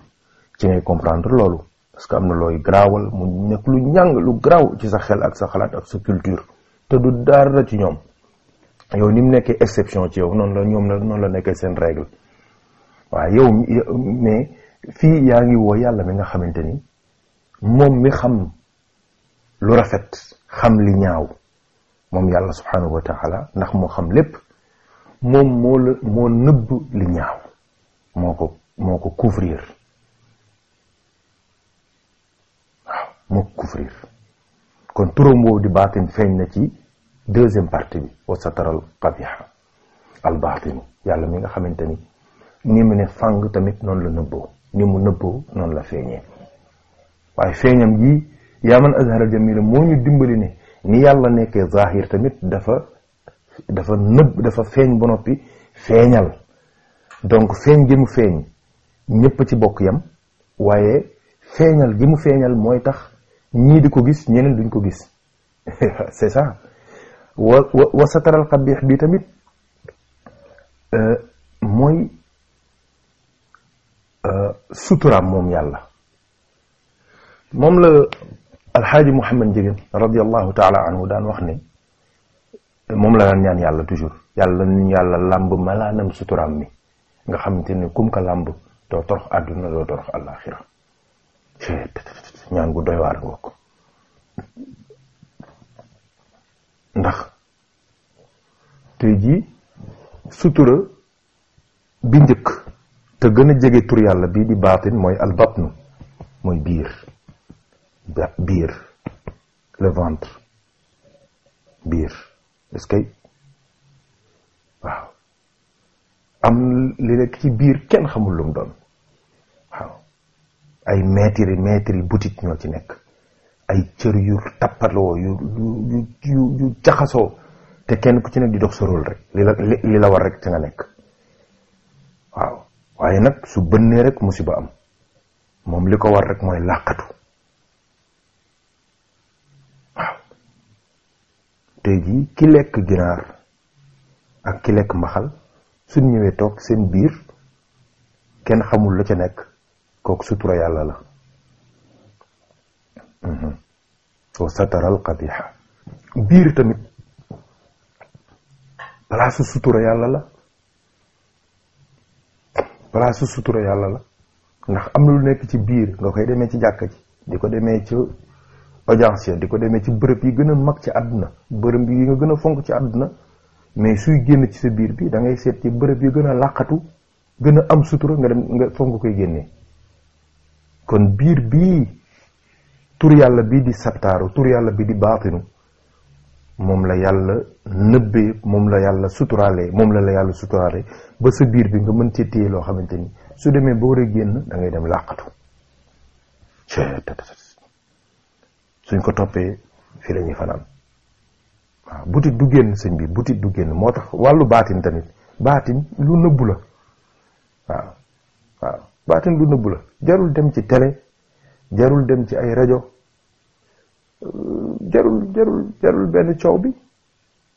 ci ngay comprendre loolu parce que am na looy garaawal mu nekk lu ñàng lu garaaw ci sa xel ak sa xalaat ak sa culture te du dara ci ñoom yow ni mu nekkee exception ci yow noonu la ñoom la noonu la nekkee seen règle waa yow mais fii yaa ngi woo yàlla mi nga xamante ni moom mi xam lu rafet xam li ñaaw moom yàlla subhanahu wa ndax mu xam lépp moom moo la moo nëbb li ñaaw moo ko moo ko couvrir moo ko couvrir kon turam woowu di baatin feeñ na ci deuxième partie bi wa sataral qabiha al baatinu yàlla mi nga xamante ni mu ne fàng tamit noonu la nëbboo ni mu nëbboo noonu la feeñee waaye feeñam gi yaa man azhara jamila moo ñu dimbali ne ni yàlla nekkee zahir tamit dafa dafa nëbb dafa feeñ ba noppi feeñal donc feeñ gi feeñ ñépp ci bokk yam waaye feeñal gi feeñal mooy tax ñii di ko gis ñeneen duñ ko gis c'est ça wa sataral xabiix bi tamit euh, mooy euh, suturaam moom yàlla moom la alxaaji Mouhamed Ndiéguène radiallahu taala anhu daan wax ne moom la daan yàlla toujours yàlla nañu yàlla làmb malaanam mi nga xamante ne kum ka làmb doo torox àdduna doo torox àllaaxira ñaan gu doy waar nga ko ndax tey jii sutura bi njëkk te gën a jege tur yàlla bii di baatin mooy albatnu mooy biir biir le biir est waaw am li nekk ci biir kenn xamul lu doon waaw ay mètres yi mètres yi ñoo ci nekk ay cër yu tappaloo yu yu yu yu jaxasoo te kenn ku ci nekk di dox sa rek li la li la war rek te nga nekk waaw waaye nag su bënnee rek musiba am moom li ko war rek mooy làqatu waaw tey jii ki lekk ginaar ak ki lekk mbaxal suñ ñëwee toog seen biir kenn xamul la ca nekk kooku sutura yàlla la mhm. wa sataral qabiha biir tamit palaasu sutura yàlla la palaasu sutura yàlla la ndax am na lu nekk ci biir nga koy demee ci jàkka ji di ko demee ci audience di ko demee ci bërëb yi gën a mag ci àdduna bërëb yi nga gën a fonk ci àdduna mais suy génn ci sa biir bi dangay seet ci bërëb yi gën a làqatu gën a am sutura nga dem nga fonk koy génnee kon biir bii tur yàlla bii di sattaaru tur yàlla bi di baatinu moom la yàlla nëbbee moom la yàlla suturaalee moom la la yàlla suturaalee ba sa biir bi nga mën cee téye loo xamante ni su demee ba war génn dangay dem làqatu suñ ko toppee fii la ñuy fanaan waaw butit du génn sëñ bi butit du génn moo tax wàllu baatin tamit baatin lu nëbbu la waaw baatin bu nëbbu la jarul dem ci télé jarul dem ci ay rajo euh, jarul jarul jarul benn coow bi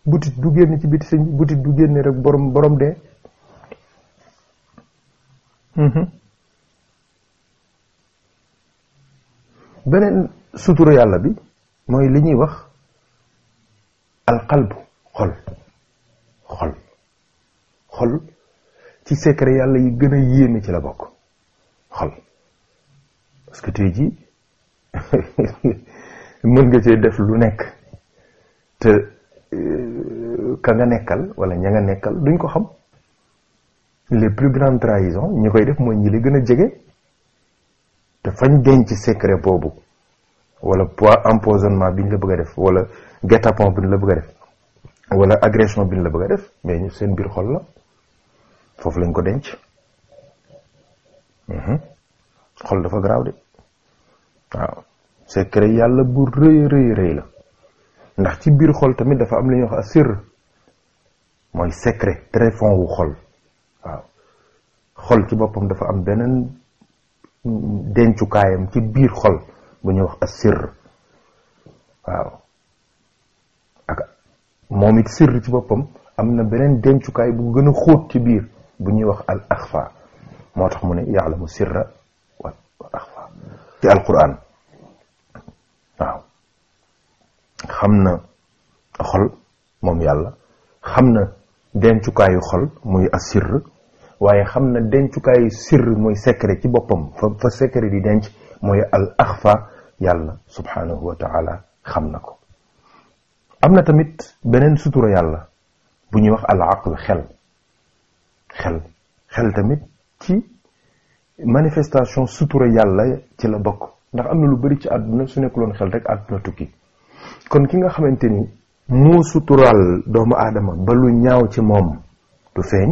butit du génn ci biti sëñ bi butit du génne rek borom borom dee mhm. beneen suturu yàlla bi mooy li ñuy wax alqalbu xol xol xol ci secret yàlla yi gën a yéeme ci la bokk xol parce que tey jii mën nga cee def lu nekk te euh, ka nga nekkal wala ña nga nekkal duñ ko xam les plus grandes trahisons ñi koy def mooy ñi la gën a jege te fañ denc secret boobu wala poids empoisonnement bi ñu la bëgg a def wala guet-apens bi ñu la bëgg a def wala agression bi ñu la bëgg def mais ñu seen biir xol la foofu lañ ko denc Mhm. xol dafa garaaw de waaw secret yàlla bu rëy rëy rëy la ndax ci biir xol tamit dafa am lu ñuy wax asir mooy secret très wu xol waaw xol ci boppam dafa am beneen dencukaayam ci biir xol bu ñuy wax asir waaw ak moom it sir ci boppam am na beneen dencukaay bu gën a xóot ci biir bu ñuy wax al moo tax mu ne yaalamu sirra wa axfa ci alquran waaw xam na xol moom yàlla xam na dencukaayu xol muy asir waaye xam na dencukaayu sir muy secret ci boppam fa fa secret di denc mooy al axfa yàlla subhanahu wa taala xam na ko am na tamit beneen sutura yàlla bu ñuy wax al aql xel xel xel tamit ci manifestation sutura yàlla ci la bokk ndax am na lu bari ci àdduna su nekkuloon xel rek àdduna tukki kon ki nga xamante ni moo suturaal doomu aadama ba lu ñaaw ci moom du feeñ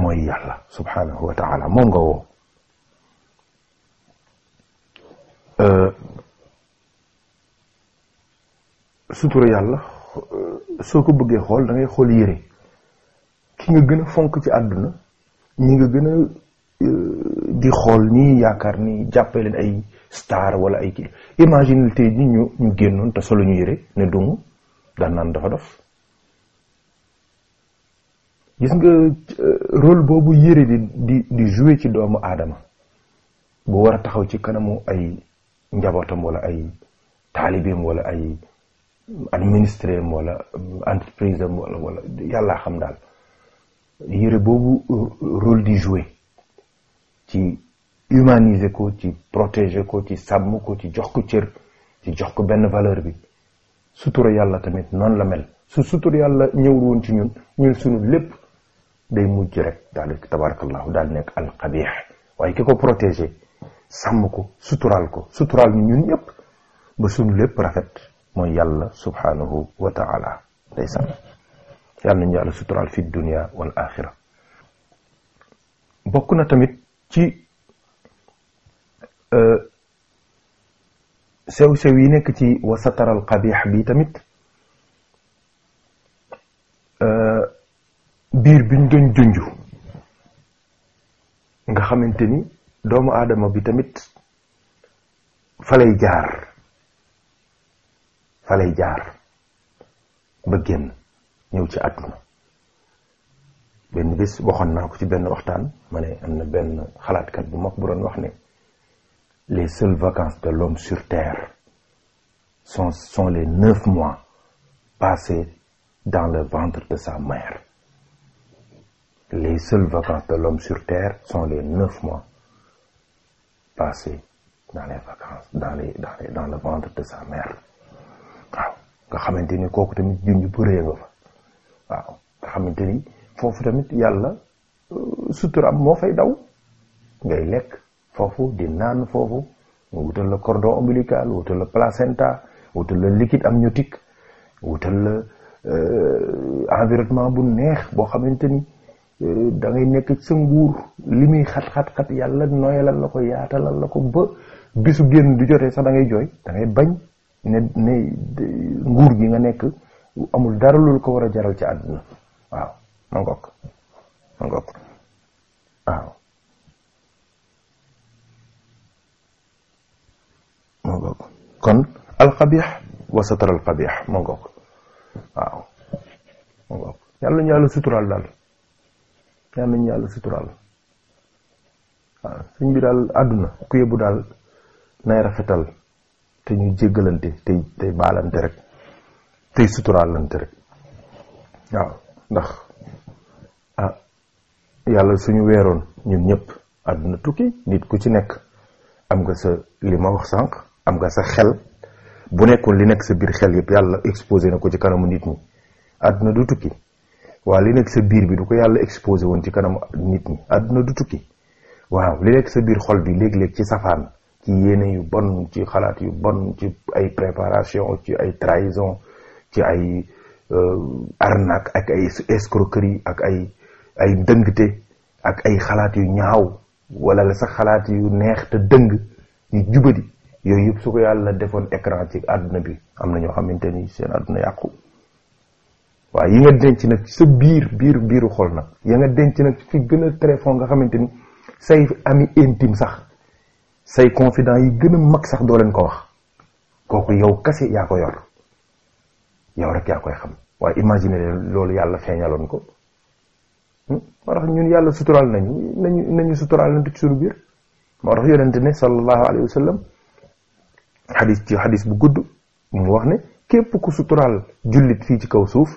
mooy yàlla subhanahu wa taala moom nga woo euh, sutura yàlla euh, soo ko bëggee xool dangay ngay xool yére ki nga gën a fonk ci àdduna mu nga gën a euh, di xool nii yaakaar ni jàppee leen ay star wala ay kii imagine tey ji ñu ñu génnoon te solo ñu yëre ne dungu daan naan dafa dof gis nga euh, rôle boobu yëre di di di ci doomu aadama bu war a taxaw ci kanamu ay njabootam wala ay taalibeem wala ay administrem wala euh, entreprise am yàllaa xam daal yére boobu euh, euh, rôle di jouer ci humaniser ko ci protéger ko ci sàmm ko ci jox ko cër ci jox ko benn valeur bi sutura yàlla tamit noonu la mel su sutura yàlla ñëwul woon ci ñun ñun suñu lépp day mujj rek daal di tabarakallahu daal nekk alxabiix waaye ki ko protéger sàmm ko suturaal ko suturaal ñu ñun ñëpp ba suñu lépp rafet mooy yàlla subhanahu wa taala ndeysaan yàlla nañu yàlla suturaal fi dunia wal axira bokk na tamit ci euh, sew-sew yi nekk ci wa sataral qabix bi tamit euh, biir biñ doon junju nga xamante ni doomu aadama bi tamit falay jaar falay jaar ba génn ñëw ci àdduna benn bis waxoon naa ko ci benn waxtaan ma ne am na benn xalaatkat bu mag bu doon wax ne les seules vacances de l'homme sur terre sont sont les neuf mois passés dans le ventre de sa mère les seules vacances de l'homme sur terre sont les neuf mois passés dans les vacances dans les ventre de sa mère nga xamante ni kooku tamit junj bu nga fa. waaw nga xamante ni foofu tamit yàlla euh, suturaam moo fay daw ngay lekk foofu di naan foofu mu wutal la cordon ombilical wutal la placenta wutal la liquide amniotique wutal la euh, environnement bu neex boo xamante ni euh, da ngay nekk sa nguur li muy xat-xat-xat yàlla noyalal la ko yaatalal la ko ba bisu génn du jotee sax da jooy da bañ ne ne nguur gi nga nekk amul dara lu ko war a jaral ci àdduna waaw ma ngokk ma ngokk waaw ma kon alxabix wa satar alxabix waaw ma ngokk yàlla ñu yàlla suturaal daal yàlla ñu yàlla suturaal waaw bi daal àdduna ku yebbu daal nay rafetal te ñu jéggalante tey baalante rek tey suturaalante rek waaw ndax ah yàlla suñu weeroon ñun ñëpp àdduna tukki nit ku ci nekk am nga sa li ma wax sànq am nga sa xel bu nekkoon li nekk sa biir xel yëpp yàlla exposé na ko ci kanamu nit ñi àdduna du tukki waaw li nekk bi du ko yàlla exposé woon ci kanamu nit ñi àdduna du tukki waaw li nekk sa biir xol bi léeg-léeg ci safaan ci yéene yu bon ci xalaat yu bon ci ay préparation ci ay trahison ci ay euh, arnaque ak ay escroquerie ak ay ay dëngte ak ay xalaat yu ñaaw wala la sax xalaat yu neex te dëng yu jubadi yooyu yëpp su ko yàlla defoon écran ci àdduna bi am na ñoo xamante ni seen àdduna yàqu waa yi nga denc nag sa biir biiru xool nag ya nga denc nag fi gën a nga xamante ni say ami intime sax say confident yi gën mag sax doo leen ko wax kooku yow kase yaa ko yor yow rek yaa koy xam waaye imaginer loolu yàlla feeñaloon ko hmm? moo tax ñun yàlla suturaal nañu nañu nañu suturaalante ci suñu biir moo tax yonente ne sallallahu alayhi wa sallam xadis bu gudd mu wax ne képp ku suturaal jullit fii ci kaw suuf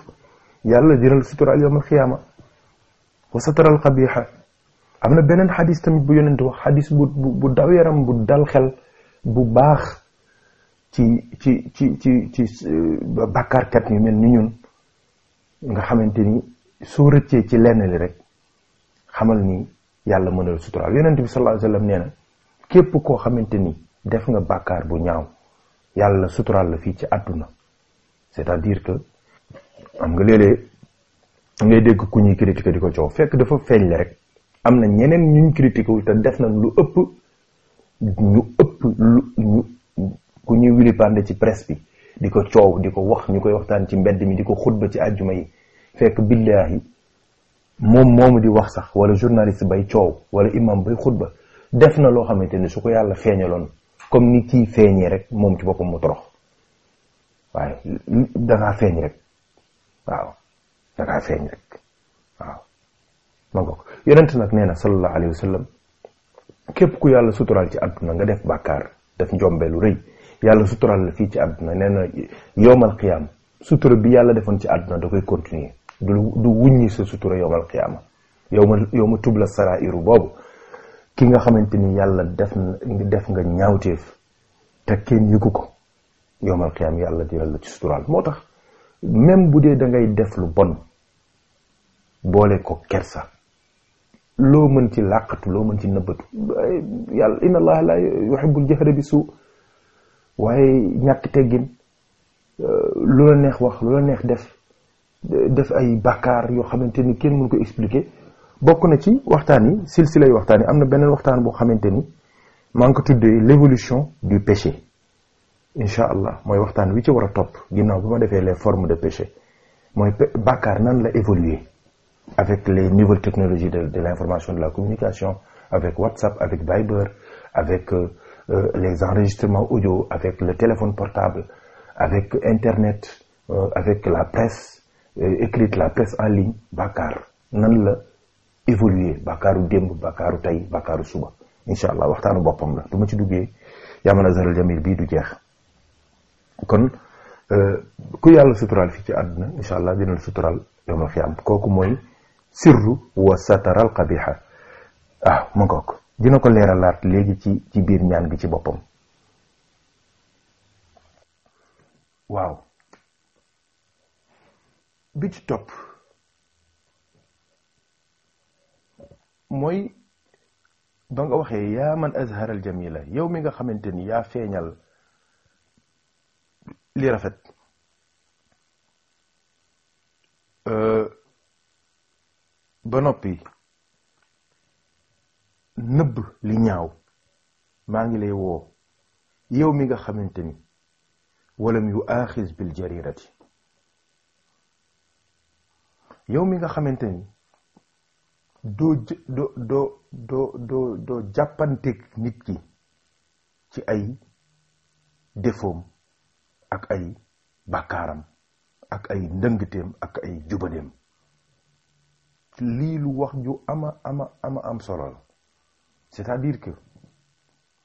yàlla dina la suturaal yawmal xiyaama wa sataral qabiixa am na beneen xadis tamit bu yonente wax xadis bu bu daw yaram bu dal bu baax ci ci ci ci ci euh, bàkkaarkat yu mel ni ñun nga xamante ni soo rëccee ci lenn li rek xamal ni yàlla mën na la suturaal yonent bi sallallahu alayhi wasallam nee na képp koo xamante ni def nga bàkkaar bu ñaaw yàlla suturaal la fii ci àdduna c'est-à-dire que am nga léeg-léeg ngay dégg ku ñuy critiquer di ko coow fekk dafa feeñ la rek am na ñeneen ñuñ critiquer wu te def nañ lu ëpp ñu ëpp lu ñu ku ñuy wili pande ci presse bi di ko coow di ko wax ñu koy waxtaan ci mbedd mi di ko xutba ci àjjuma yi fekk billaahi moom moomu di wax sax wala journaliste bay coow wala imam bay xutba def na loo xamante ni su ko yàlla feeñaloon comme ni kii feeñee rek moom ci boppam mu torox waaye dangaa feeñ rek waaw dangaa feeñ rek waaw ma nga ko nag nee na sallallahu alayhi wa képp ku yàlla suturaal ci àdduna nga def bàkkaar def njombe lu rëy yàlla sutural la fii ci àdduna nee na yowmal qiyaama sutura bi yàlla defoon ci àdduna da koy continuer du du wuññi sa sutura yowmal qiyaama yow ma yow ma tubla sarairu boobu ki nga xamante ni yàlla def def nga ñaawteef te kenn yëgu ko yowmal qiyaama yàlla diral la ci sutural moo tax même bu dee da ngay def lu bon boole ko kersa loo mën ci làqatu loo mën ci nëbbatu yàlla inna allaha la yuhibbul jahra bi suu waaye ñàkk teggin euh, lu la neex wax lu la neex def def ay bàkkaar yoo xamante ni kenn mënu ko expliquer bokk na ci waxtaan yi silsilay waxtaan yi am na beneen waxtaan boo xamante ni maa ngi ko tuddee l'évolution du péché incha allah mooy waxtaan wi ci war a topp ginnaaw bi ma defee les formes de péché mooy bàkkaar nan la évoluer avec les nouvelles technologies de de l'information de la communication avec WhatsApp avec Viber avec. Euh, euh, les enregistrements audio, avec le téléphone portable, avec Internet, euh, avec la presse euh, écrite, la presse en ligne, Bakar nan la évoluer Bakaaru démb Bakaaru tey Bakaaru suba incha allah waxtaanu boppam la du ma ci duggee yaa man a zaral jamil bii du jeex kon euh, ku yàlla suturaal fii ci àdduna incha allah dina la suturaal yomal xiyaam kooku mooy sirru wa sataral qabiha ah ma ngoog dina ko leeralaat léegi ci biir ñaan gi ci boppam waaw bi ci topp mooy ba nga waxee yaa man azharal jamila yow mi nga xamante ni yaa feeñal li rafet euh, ba noppi nëbb li ñaaw maa ngi lay woo yow mi nga xamante ni walam yu aaxis bil jarirati yow mi nga xamante ni doo doo doo doo doo doo jàppanteeg nit ki ci ay défoom ak ay bàkkaaram ak ay ndëngteem ak ay jubadeem lii lu wax ju ama ama ama am solo la c'est-à-dire que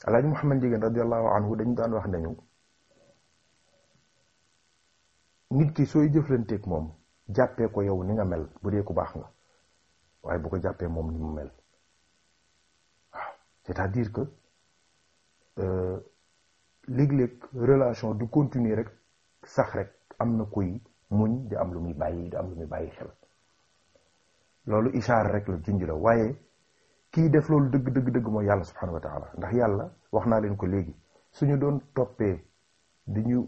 alaaji Mouhamed Ndiéguène radiallahu anhu dañu daan wax nañu nit ki sooy jëflanteeg moom jàppee ko yow ni nga mel bu dee ku baax nga waaye bu ko jàppee moom ni mu mel waaw c'est-à-dire que euh, léeg-léeg relation du continuer rek sax rek am na kuy muñ di am lu muy bàyyi di am lu muy bàyyi xel loolu ishaar rek la junj la waaye kii def loolu dëgg dëgg dëgg mooy yàlla subhanahu wa taala ndax yàlla wax naa leen ko léegi suñu doon toppee di ñu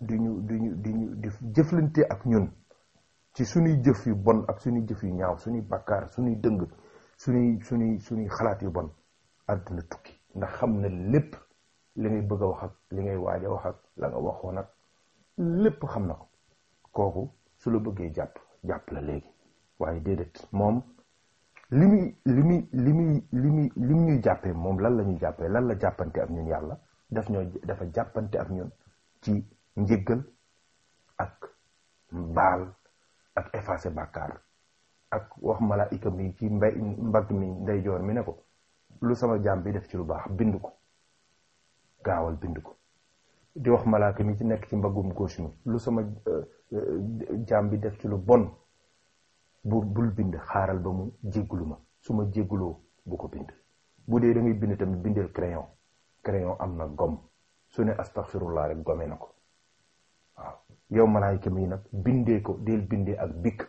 di ñu di ñu di ñu ak ñun ci suñuy jëf yu bon ak suñuy jëf yu ñaaw suñuy bakkaar suñuy dëng suñuy suñuy suñuy xalaat yu bon àdduna tukki ndax xam na lépp li ngay bëgg a wax ak li ngay waaj wax ak la nga waxoon ak lépp xam na ko kooku su la bëggee jàpp jàpp la léegi waaye déedéet moom li limuy limuy muy li jàppee moom lan la ñuy jàppee lan la jàppante ak ñun yàlla daf ñoo dafa jàppante ak ñun ci njëggal ak mbaal ak effacé bàkkaar ak wax malaayika mi ci mbay mbagg mi nday joor mi ne ko lu sama jaam bi def ci lu baax bind ko gaawal bind ko di wax malaaka mi ci nekk ci mbaggum gauche mi lu sama euh, euh, jaam bi def ci lu bon bu bul bind xaaral ba mu jéggulu ma su ma jégguloo bu ko bind bu dee da ngay bind tamit bindal crayon crayon am na gomme su ne la rek gome na ko waaw yow malaayka mi nag bindee ko del bindee ak bikk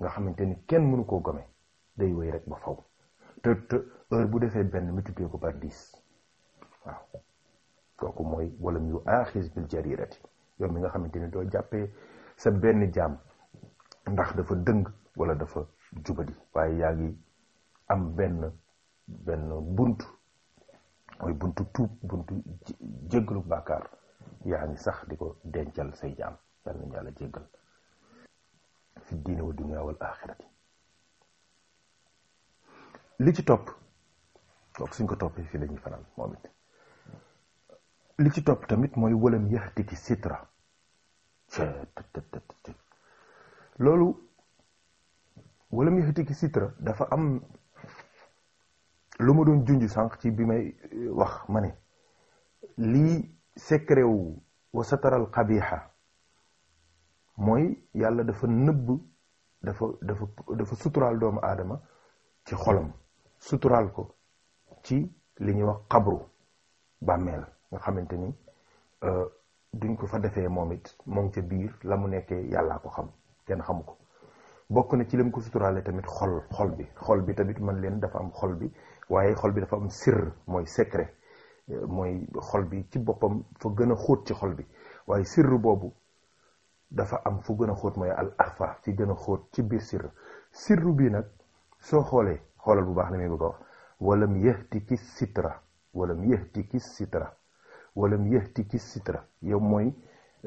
nga xamante ni kenn mënu koo gome day wéy rek ba faw te te heure bu defee benn multiplier ko par dix waaw kooku mooy walam yu aaxis bil jarirati yow mi nga xamante ni doo jàppee sa benn jaam ndax dafa dëng wala dafa jubadi waaye yaa ngi am benn benn bunt mooy buntu tuub buntu jéggalu bàkkaar yaa ngi sax di ko dencal say jaam yal nañu yàlla jéggal fi diine wa dunya wal li ci topp kooku suñ ko toppee fii la fanaan moom it li ci topp tamit mooy walam yaxtiki sitra loolu wala mu yëkkati ki sitra dafa am lu ma doon junj sànq ci bi may euh, wax ma ne lii secret wu wa sataral mooy yàlla dafa nëbb dafa dafa dafa suturaal doomu aadama ci xolam suturaal ko ci li ñuy wax xabru bàmmeel nga xamante ni euh, duñ ko fa defee moom it moom ca biir la mu nekkee yàllaa ko xam kenn xamu ko bokk na ci lim ko suturaale tamit xol xol bi xol bi tamit man leen dafa am xol bi waaye xol bi dafa am sirr mooy secret mooy xol bi ci boppam fa gën a xóot ci xol bi waaye sirr boobu dafa am fu gën a xóot mooy al axfa ci gën a xóot ci biir sirr sirru bii nag soo xoolee xoolal bu baax li muy bëgg a wax walam ki sitra walam yahtiki sitra walam yahtiki sitra yow mooy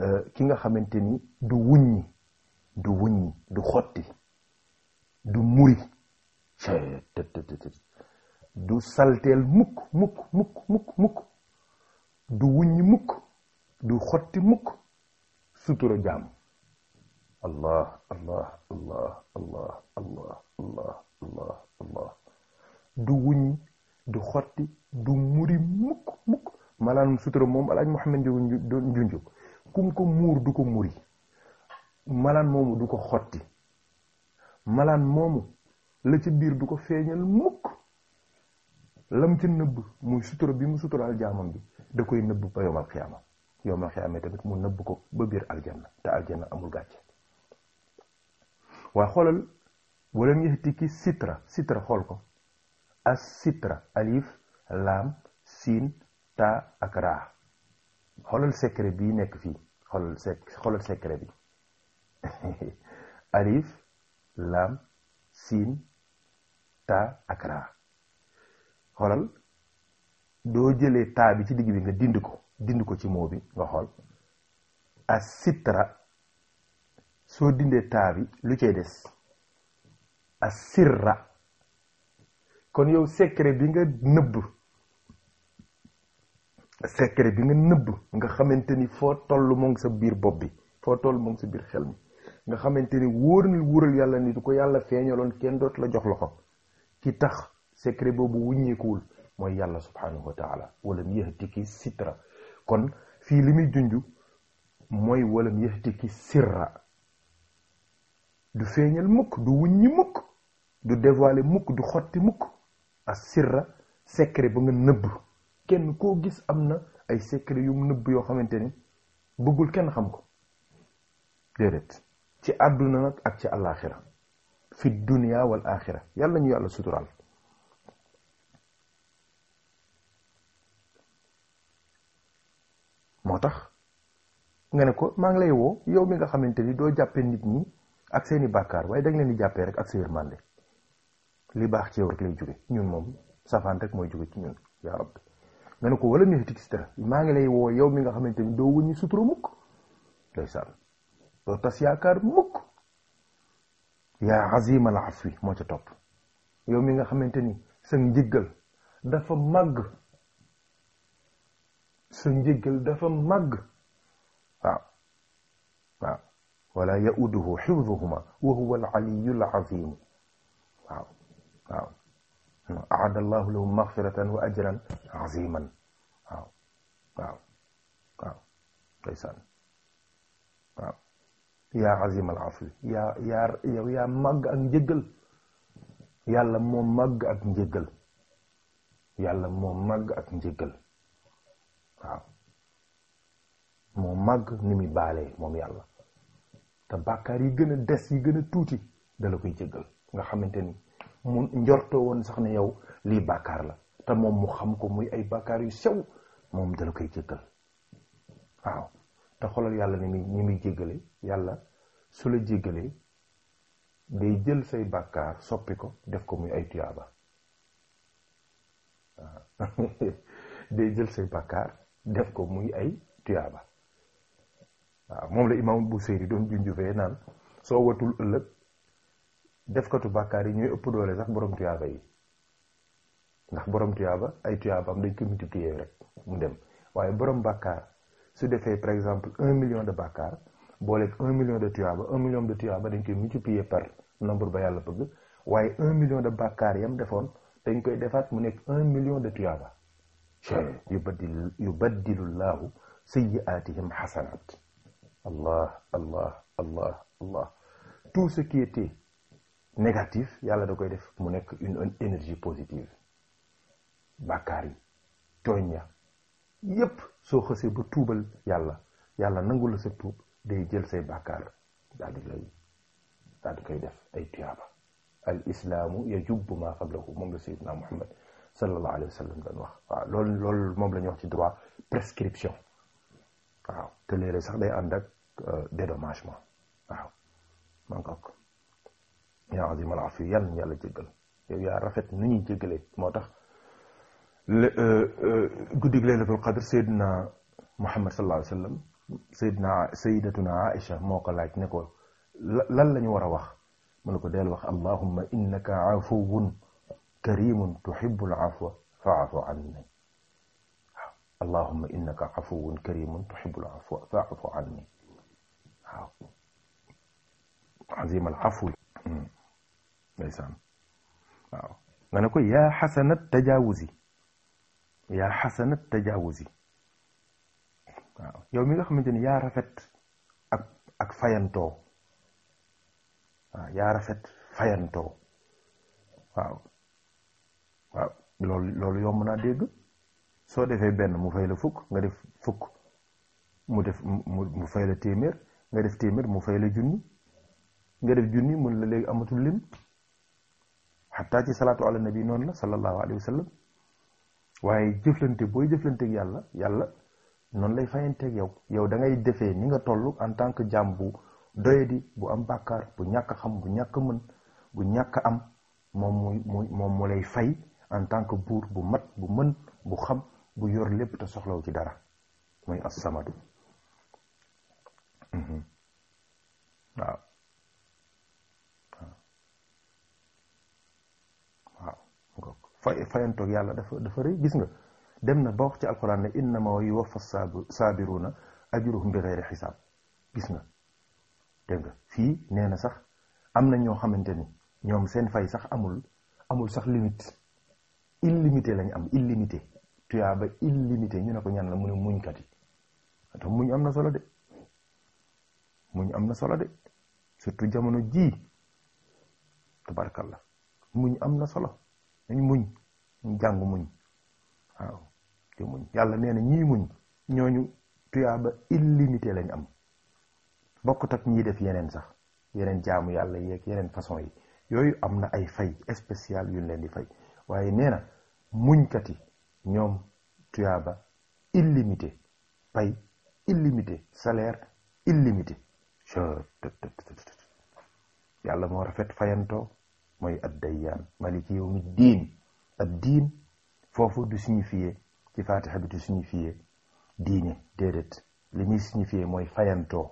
euh, ki nga xamante ni du wuññi du wuññi du xotti du muri du salteel mukk mukk mukk mukk mukk du wuññi mukk du xotti mukk sutura jaam allah allah allah allah allah allah du wuññi du xotti du muri mukk mukk maanaam sutura moom alaaj Muhammad Njuuñ kum ko muur du ko muri malaan moomu du ko xotti malaan moomu la ci biir du ko feeñal mukk lam ci nëbb muy sutura bi mu suturaal jaamam bi da koy nëbb ba yomal xiyaama yomal xiyaama tamit mu nëbb ko ba biir aljanna te aljanna amul gàcce waa xoolal wala ngeen tikki sitra sitra xool ko as sitra alif laam siin ta ak raa xoolal secret bii nekk fii xoolal sec xoolal secret bi alif laam siin ta ak raa xoolal doo jëlee taa bi ci digg bi nga dind ko dind ko ci moo bi nga xool as sitra soo dindee taa bi lu cay des as sirra kon yow secret bi nga nëbb secret bi nga nëbb nga xamante ni foo toll moo sa biir bopp bi foo toll moo sa biir xel mi nga xamante ni wóor na wóoral yàlla ni du ko yàlla feeñaloon kenn dootu la jox loxo ki tax secret boobu wuññeekuwul mooy yàlla subhanahu wa taala walam yëhtiki sitra kon fii li muy junj mooy walam yëhtiki sirra du feeñal mukk du wuññi mukk du dévoiler mukk du xotti mukk ak sirra secret ba nga nëbb kenn koo gis am na ay secret yu nëbb yoo xamante ni buggul kenn xam ko déedéet ci àdduna nag ak ci àllaaxira fi dunia wal yàlla ñu yàlla suturaal moo tax nga ne ko maa ngi lay woo yow mi nga xamante ni doo jàppee nit ñi ak seeni bàkkaar waaye da leen di jàppee rek ak sa yërmande li baax ci yow rek lay jóge ñun moom safaan rek mooy jóge ci ñun yaa rab nga ne ko wala mu maa ngi lay woo yow mi nga xamante ni doo wuññi sutura mukk ndeysaan doo tas yaakaar mukk yaa azimal afwi moo ca topp yow mi nga xamante ni sa njëggal dafa màgg sa njëggal dafa màgg waaw waaw wala yauduhu xifduhuma wa huwa al aliyu al azim waaw waaw aada allahu lahum maxfiratan wa ajran aziman waaw waaw waaw ndeysaan waaw yaa azim al afwi yaa yaa yaa màgg ak njëggal yàlla moo màgg ak njëggal yàlla màgg ak njëggal waaw moo màgg ni muy baalee moom yàlla te bàkkaar yi gën a des yi gën a tuuti dala koy jëggal nga xamante ni mu njortoo woon sax na yow lii bàkkaar la te moom mu xam ko muy ay bàkkaar yu sew moom dala koy jëggal waaw te xoolal yàlla ni muy ni muy jéggale yàlla su la jéggalee day jël say bàkkaar soppi ko def ko muy ay tuyaaba waaw day jël say bàkkaar def ko muy ay tuyaaba waaw moom la imaam Buseyri doon junjufee naan soo watul ëllëg defkatu bàkkaar yi ñooy ëpp doole sax borom tuyaaba yi ndax borom tuyaaba ay tuyaabaam dañ ko multiplier rek mu dem waaye borom bàkkaar su defee par exemple un million de bàkkaar booleeg un million de tuyaaba un million de tuyaaba dañ koy multiplier par nombre ba yàlla bëgg waaye un million de bàkkaar yam defoon dañ koy defaat mu nekk un million de tuyaaba yubaddilu yubaddilullaahu sayyi'aatihim xasanaat allah allah allah allah tout ce négatif yàlla da koy def mu nekk une énergie positive bàkkaar yi tooñ ya yépp soo xësee ba tuubal yàlla yàlla nangu la sa tuub day jël say bàkkaar daal di lay daal di koy def ay tuyaaba al islaamu yajubbu ma qablahu moom la sayyidna Muhammad sallallahu alayhi wa sallam doon wax waaw loolu loolu moom la ñuy wax ci droit prescription waaw te léeg-léeg sax day ànd ak euh, dédommagement waaw man ko yaa azim al afi yàlla yàlla jéggal yow yaa rafet nu ñuy jéggalee moo tax euh, euh, guddig laylatul qadr sayyidna Muhammad sallallahu alayhi wa sallam sayidna sayidatuna aïcha moo ko laaj ne ko lan la ñu war a wax mu ne ko deel wax allahumma innaka afuwun karimun tuhibbul afwa fa'fu anni waaw allahumma innaka afuwun karimun tuhibbul afwa fa'fu anni waaw azim al afwi hmm. ndeysaan waaw nga ne ko yaa xasanat tajawuzi yaa xasanat tajawuzi waaw yow mi nga xamante ni yaa rafet ak fayantoo yaa rafet fayantoo waaw loolu loolu yomb naa dégg soo defee benn mu fay la fukk nga def fukk mu def mu fay la téeméer nga def téeméer mu fay la junni nga def junni mun la léegi amatul lim xataa ci salaatu ala nabi noonu la sallallahu alayhi wa waaye jëflante booy jëflante ak yàlla yàlla noonu lay fayanteeg yow yow da defee ni nga toll en tant que jàmm bu doyadi bu am bàkkaar bu ñàkk xam bu ñàkk mën bu ñàkk am moom muy moom mu lay fay en tant que buur bu mat bu mën bu xam bu yor lépp te soxlaw ci dara mooy as-samadu mhm. waaw waaw waaw fayantoog yàlla dafa dafa rëy gis nga dem na ba wax ci alquran ne innama yuwaffa saabiruna ajruhum bi geyri xisaab gis nga dégg nga fii nee sax am na ñoo xamante ni ñoom seen fay sax amul amul sax limite illimité lañ am illimité tuyaaba illimité ñu ne ko ñan la mu ne muñkat yi muñ am na solo de muñ am na solo de surtout jamono jii tabarkalla muñ am na solo dañ muñ ñu muñ waaw yàlla nee na ñii muñ ñooñu tuyaaba illimité lañ am bokkut ak ñiy def yeneen sax yeneen jaamu yàlla yeeg yeneen façon yi yooyu am na ay fay spécial yu leen di fay waaye nee na muñkat yi ñoom tuyaaba illimité pay illimité salaire illimité yàlla moo rafet fayantoo mooy ad dayyaan maliki yawmi diin ad foofu du signifier ci fatiha bi di signifier diine déedéet li muy signifier mooy fayantoo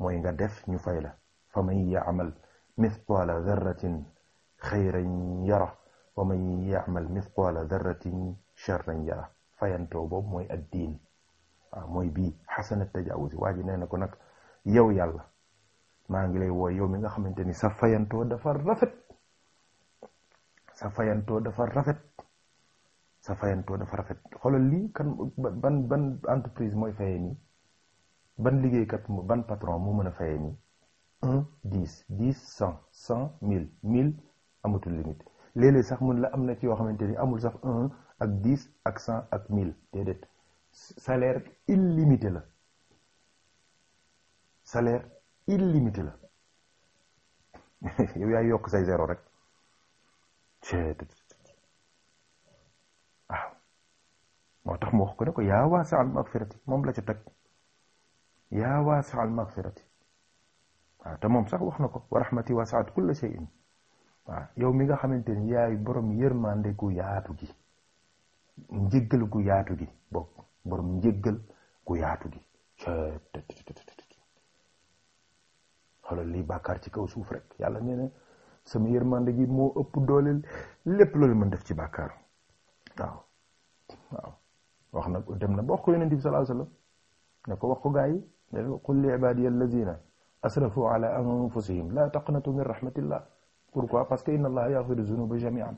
mooy nga def ñu fay la fa man yaamal mithqala darratin xayran yara wa man yaamal mithqala darratin sharran yara fayantoo boobu mooy ad diin waaw mooy bii xasana tajawuzi waa na ko nag yow yàlla maa ngi lay wo yow mi nga xamante ni sa fayanto dafa rafet sa rafet sa fayantoo dafa rafet xoolal lii kan ban ban entreprise mooy fayee nii ban liggéeykat ban patron moo mën a fayee nii un dix dix cent cent mille mille amatul limite léeg-léeg sax mun la am na ci yoo xamante ni amul sax un ak dix ak cent ak mille déedéet salaire illimité la salaire illimité la yow yaay yokk say zéro rek moo tax mu wax ko ne ko yaa waasi al magfirati moom la ca teg moom sax wax na ko wa rahmati wasaat kulla shay'in waaw yow mi nga xamante ni yaay borom yërmande gu yaatu gi njëggal gu yaatu gi bokk borom njëggal gu yaatu gi xoolal lii bàkkaar ci kaw suuf rek yàlla nee na sama yërmande gi moo ëpp dooleel lépp loolu mën def ci bàkkaar waaw wax na ko dem na ba wax ko yonente bi sallallahu alayhi wasallam ne ko wax ko gaa yi ne ko qul li ibadiya allazina asrafu ala anfusihim la taqnatu min rahmatillah pourquoi parce que inna allaha yaghfiru zunuba jami'an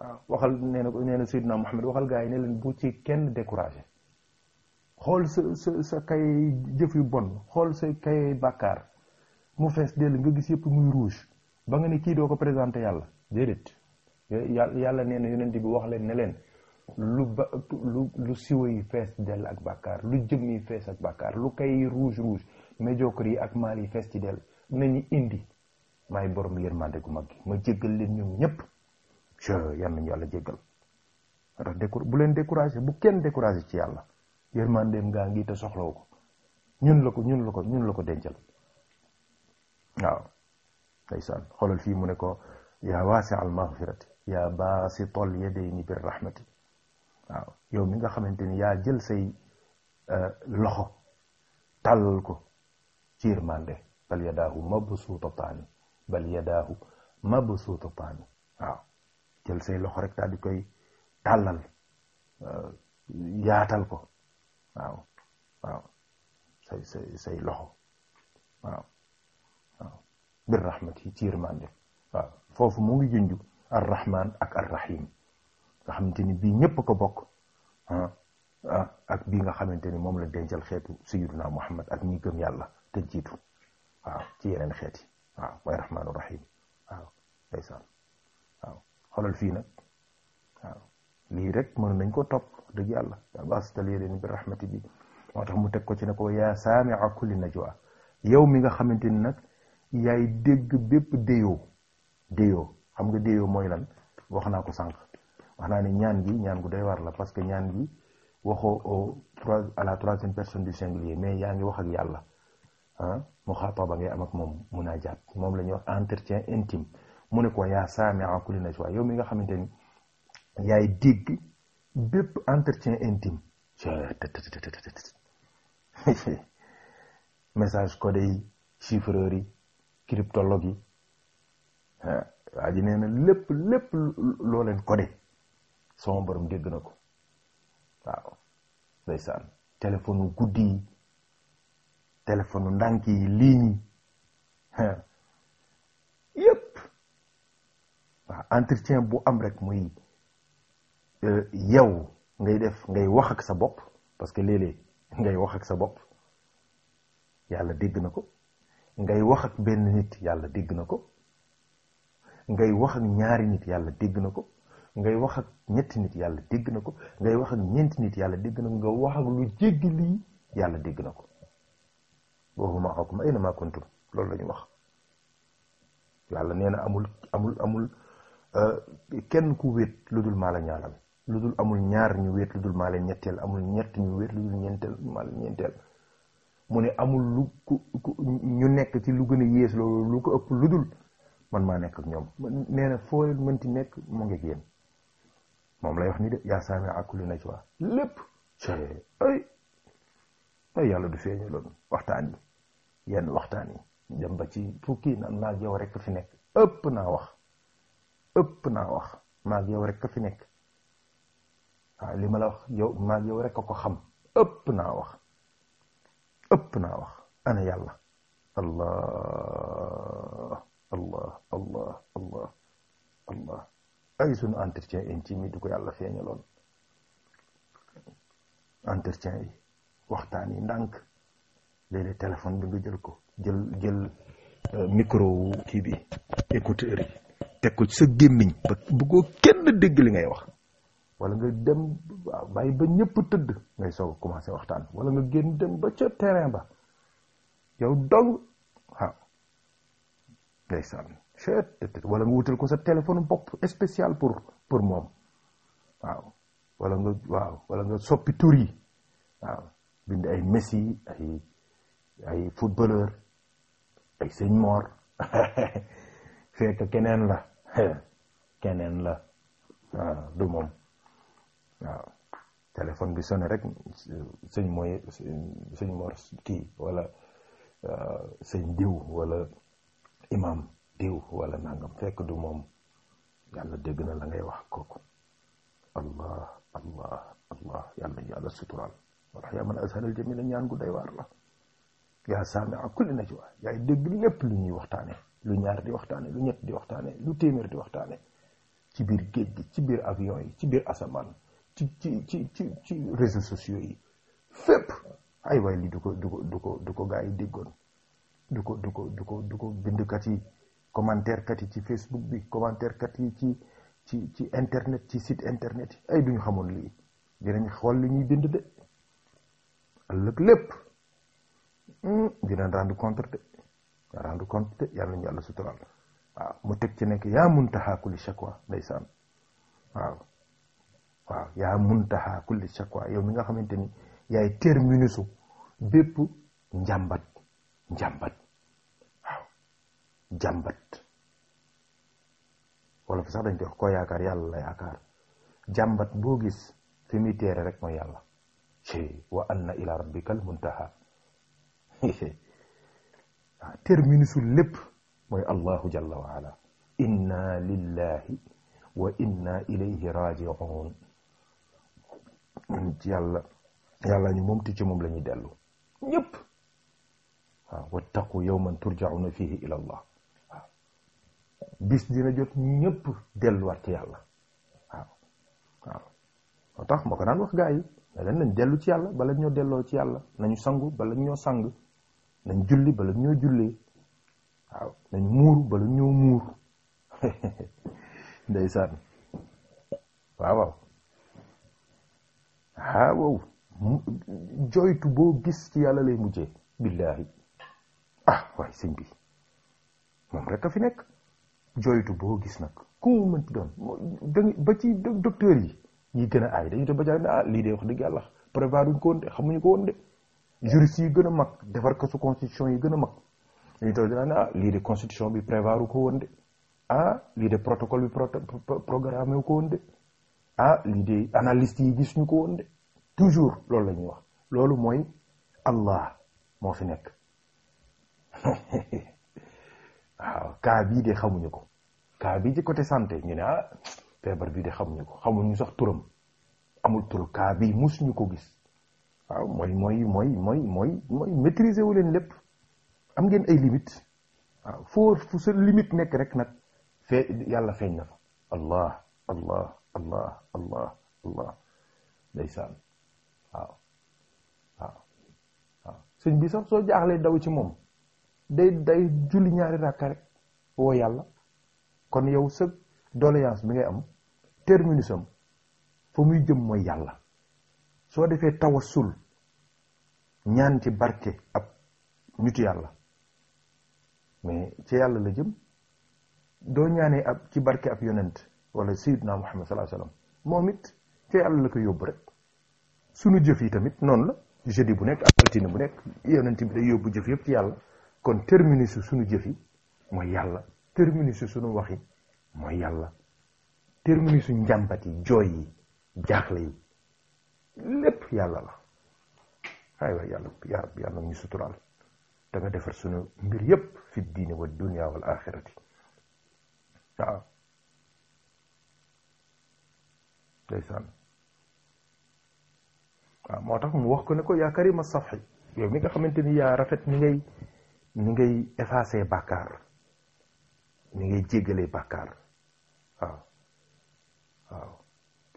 waaw waxal nee na nee na sayyidina Muhammad waxal gaa yi ne leen bu ci kenn découragé xool sa sa sa kay jëf yu bon xool sa kay bàkkaar mu fees dell nga gis yëpp muy rouge ba nga ne kii doo ko présenté yàlla déedéet yàlla nee na yonent bi wax leen ne leen lu ba lu lu siwo yi fees dell ak bàkkaar lu jëm yi fees ak bàkkaar lu kay rouge rouge médiocre yi ak maal yi fees ci dell nañu indi maay borom yërmande gu mag gi ma jéggal leen ñoom ñëpp je yàlla jéggal ndax décour bu leen découragé bu kenn découragé ci yàlla yërmandeem gaa ngi te soxlaw ko ñun la ko ñun la ko ñun la ko dencal waaw ndeysaan xoolal fii mu ne ko yaa waasi al maghfirati yaa baasitol yadayni bir rahmati waaw yow mi nga xamante ni yaa jël say euh, loxo ko ci yërmande bal yadaahu mabsuutataani bal yadaahu mabsuutataani waaw jël say loxo rek daal di koy tàllal euh, yaatal ko say say say loxo waaw waaw foofu mu junju ar ak ar nga ni bii ñëpp ko bokk ah, ah ak bii nga xamante ni moom la dencal xeetu sayyiduna Muhammad ak ñi gëm yàlla te jiitu waaw ci yeneen xeet yi waaw mooy rahmaanu waaw ndeysaan fii nag waaw lii rek mën nañ ko topp dëgg yàlla wastal yadayni bi rahmati bi moo tax mu teg ko ci ne ko yaa saami'a kulli najwa yow mi nga xamante ni nag yaay dégg bépp déyoo déyoo xam nga déyoo mooy lan wax naa ko sànq wax naa ñaan gi ñaan gu dee war la parce que ñaan gi waxoo au trois à la troisième personne du singulier mais yaa ngi wax ak yàlla ah mu xaataba ngay am ak moom munaajaat moom la ñuy wax entretien intime mu ne ko yaa saamia kulli najwa yow mi nga xamante ni yaay dégg bépp entretien intime message codé yi chiffreur yi cryptologue yi ah, waa ji na lépp lépp loo leen sama borom dégg na ko waaw ndeysaan téléphone yu guddi yi téléphone yu yi ligne yi yépp entretien bu am rek muy euh, yow ngay def ngay wax ak sa bopp parce que léeg-léeg ngay wax ak sa bopp yàlla dégg na ko ngay wax ak benn nit yàlla dégg na ko ngay wax ak ñaari nit yàlla dégg na ko ngay wax ñetti nit yàlla dégg na ko ngay wax ak ñeenti nit yàlla dégg na ko nga wax ak lu jéggi lii yàlla dégg na ko wa ma'akum ayna loolu la wax yàlla nee na amul amul amul euh, kenn ku wéet lu dul maa la ñaaral lu dul amul ñaar ñu wéet lu dul maa la ñetteel amul ñett ñu wéet lu dul ñeenteel maa la ñeenteel mu ne amul lu ku ñu nekk ci lu gën a yées loolu lu ko ëpp lu dul man maa nekk ak ñoom nee na mënti nekk mu ngi ak moom lay wax ni de yaa saami akuli najwa lépp ci ay ay yàlla du feeñu loolu waxtaan yi yenn waxtaan yi dem ci fukki na maag yow rek fi nekk ëpp naa wax ëpp naa wax maag yow rek fi nekk waaw li ma wax yow maag yow rek a xam ëpp naa wax ëpp ana yàlla allah allah allah allah ay suñu entretien intime yi du ko yàlla feeñaloon entretien yi waxtaan yi ndànk léeg-léeg bi nga jël ko jël jël euh, micro wu kii bi écouteur yi teg ko ci sa gémmiñ ba kenn dégg li ngay wax walla nga dem bay ba ñëpp tëdd ngay soog a commencé waxtaan wala nga génn dem ba ca terrain ba yow dog waaw ah, ndeysaan chtt wala nga wutal ko sa téléphone bopp spécial pour pour moom waaw wala nga waaw wala nga soppi tur waaw bind ay Messi ay footballeur ay sëñ Mor fekk keneen la keneen la du moom waaw téléphone bi sonné rek sëñ mooy kii wala euh, sëñ diw wala imam diw wala nangam fekk du moom yàlla dégg na la ngay wax kooku allah allah allah yàlla ñu yàlla suturaal wala yaa man azharal jamila ñaan gu day waar la yaa saamia kulli najwa yaay dégg lépp lu ñuy waxtaane lu ñaar di waxtaane lu ñett di waxtaane lu téeméer di waxtaane ci biir géej ci biir avion yi ci biir asamaan ci ci ci ci ci réseaux sociaux yi fépp ay waay li du ko du ko du ko du ko gaa yi yi commentaire kat ci facebook bi commentaire kat ci ci ci internet ci site internet yi ay duñu xamoon lii dinañ xool li ñuy bind de ëllëg lépp hmm, dinañ rendre compte de rendre compte de yàlla nañu yàlla sutural mu teg ci nekk yaa muntaha kulli shakwa ndeysaan waaw waaw yaa muntaha kulli shakwa yow mi nga xamante ni yaay terminusu bépp njàmbat njàmbat jàmbat wala fa sax dañ koy wax yaakaar yàlla la yaakaar jàmbat boo gis fi muy teere rek mooy yàlla ci wa anna ila rabbika al muntaha ah terminusul lépp mooy allahu jalla wa ala inna lillahi wa inna ilayhi raji'un ci yàlla yàlla ñu moom ti ci moom la ñuy dellu ñëpp waaw ah, wattaqu yawman fihi ila allah bis dina jot ñëpp delluwaat ci yàlla waaw waaw moo tax moo ko daan wax gaa yi ne leen nañ dellu ci yàlla bala ñoo delloo ci yàlla nañu sangu bala ñoo sang nañ julli bala ñoo jullee waaw nañ muuru bala ñoo muur ndeysaan waaw waaw ah boo gis ci yàlla lay mujjee billaahi ah, waaye sëñ bi moom rek a fi nekk jooytu boo gis nag ku mënti doon ba ci docteur yi ñi gën a aay dañu te ba jaay a ah, lii de wax dëgg yàlla prévoir ko woon xamuñu ko woon de yi gën a mag defar ko su constitution yi gën a mag dañu toog ah, lii de constitution bi prévoir ko woon de ah lii de protocole bi programme wu ko woon a ah lii de analyste yi gisuñu ko woon toujours loolu la ñuy wax loolu mooy Allah moo fi nekk waaw cas bii de xamuñu ko cas bi ci coté santé ñu ne ah feebar bi de xamuñu ko xamuñu sax turam amul tur cas bi musuñu ko gis waaw mooy mooy mooy mooy mooy mooy maîtriser wu leen lépp am ngeen ay limites waaw foo fu sa limite nekk rek nag yàlla feeñ na fa allah allah allah allah allah ndeysaan waaw waaw waaw bi sax soo jaaxlee daw ci moom day day julli ñaari ràkka rek woo yàlla kon yow sa doléance bi ngay am terminus am fa muy jëm mooy yàlla soo defee tawassul ñaan ci barke ab nitu yàlla mais ci yàlla la jëm doo ñaanee ab ci barke ab yonent wala sayyidna muhammad sallallahu alayhi wasallam moom it ci yàlla la ko yóbbu rek sunu jëf yi tamit noonu la jeudi bu nekk altine bu nekk yonent bi day yóbbu jëf yëpp ci yàlla kon terminus sunu jëf yi mooy yàlla terminus suñu waxi mooy yàlla terminus su njàmbat yi jooy yi jaaxle yi lépp yàlla la ay waay yàlla yaa rabbi yàlla ñu suturaal te nga moo tax mu wax ko ne ko yaa karima safi yow mi nga xamante ni yaa rafet ni ngay ni ngay effacé bàkkaar ni ngay jéggalee bàkkaar waaw waaw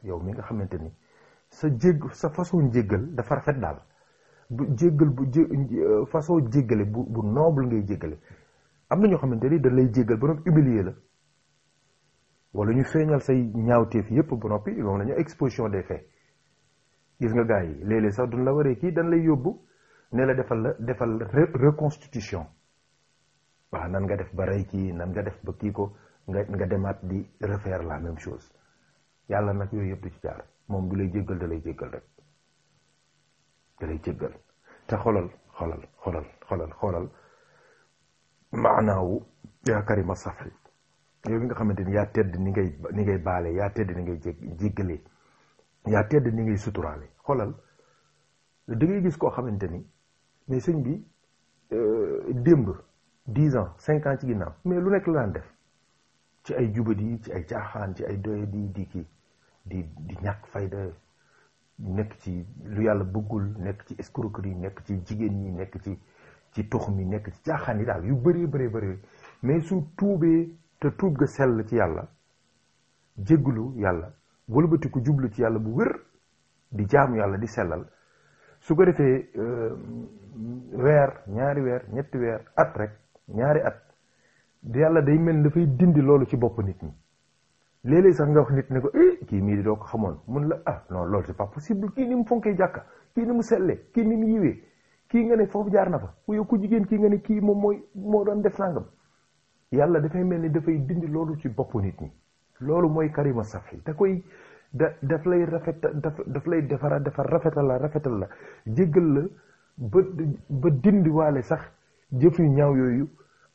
yow mi nga xamante ni sa jégg sa façon jéggal dafa rafet daal bu jéggal bu jé euh, façon jéggale bu bu noble ngay jéggale am na ñoo xamante ni dañ lay jéggal ba noppi humilier la wala ñu feeñal say ñaawteef yépp ba noppi moom la ñu exposition des fe gis nga gars yi léeg-léeg sax duñ la waree kii dañ lay yóbbu ne la defal la defal reconstitution waaw nan nga def ba rey kii nan nga def ba kii ko nga nga demaat di refaire la même chose yàlla nag yooyu yëpp ci jaar moom du lay jéggal da lay jéggal rek da lay jéggal te xolal xolal xolal xolal xolal maanaawu yaa karima safi yow mi nga xamante ni yaa tedd ni ngay ni ngay baale yaa tedd ni ngay jég jéggalee yaa tedd ni ngay suturaale xolal da ngay gis koo xamante ni mais sëñ bi euh, démb dix ans cinq ans ci ginnaaw mais lu nekk la daan def ci ay jubadi ci ay caaxaan ci ay doye di di kii di ñàkk fayda nekk ci lu yàlla bëggul nekk ci escroquerie nekk ci jigéen ñi nekk ci ci tox mi nekk ci caaxaan yi daal yu bëree bëree bëri mais su tuubee te tuub ga sell ci yàlla jégglu yàlla wëlbatiku jublu ci yàlla bu wér di jaamu yàlla di sellal su ko defee euh, weer ñaari weer ñetti weer at rek ñaari at yàlla day mel ni dafay dindi loolu ci bopp nit ñi léeg-léeg sax nga wax nit ne ko eh kii mii di doo ko xamoon mun la ah non loolu c'est pas possible kii ni mu fonkee jàkka kii ni mu sellee kii ni mu yiwee kii nga ne foofu jaar na fa ku yow jigéen kii nga ne kii moom mooy moo doon def sàngam yàlla dafay mel ni dafay dindi loolu ci bopp nit ñi loolu mooy karima safi da koy da daf lay rafet daf daf lay defara dafa rafetal la rafetal la jéggal la ba ba dindiwaale sax jëf yu ñaaw yooyu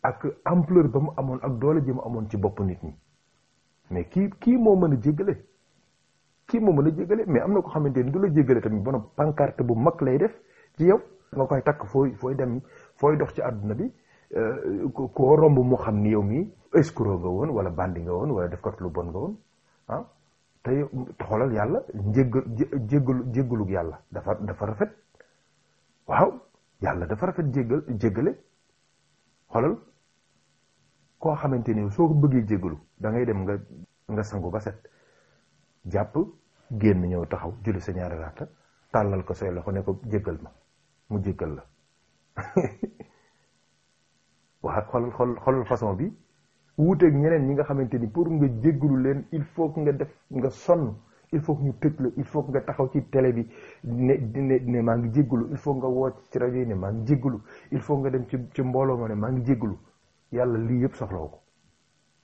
ak empleur ba mu amoon ak doole ji mu amoon ci bopp nit mais kii kii moo mën a jéggale kii moo mën a jéggale mais am na ko xamante ni du la jéggale tamit ba noppi pancarte bu mag lay def ci yow nga koy takk fooy fooy dem fooy dox ci àdduna bi euh, koo romb mu xam ni yow mii escroc nga woon wala bandi nga woon wala def kat lu bon nga woon ah te xoolal yàlla njéggal jéggalu yàlla dafa dafa rafet waaw yàlla dafa rafet jéggal jéggale xolal koo xamante ni soo ko bëggee jégalu da dem nga nga sangu ba set jàpp génn ñëw taxaw julli sa ñaari tàllal ko say loxo ne ko jégal ma mu jégal la wax xolal xol xolal façon bi wuuteeg ñeneen ñi nga xamante ni pour nga jégalu leen il faut que nga def nga sonn il faut ñu tëj la nga taxaw ci tele bi ne ne maa ngi jéggalu il faut nga woo ci rajo ne maa ngi jéggalu il faut nga dem ci ci mbooloo ma ne maa ngi jéggalu yàlla lii yëpp soxlaw ko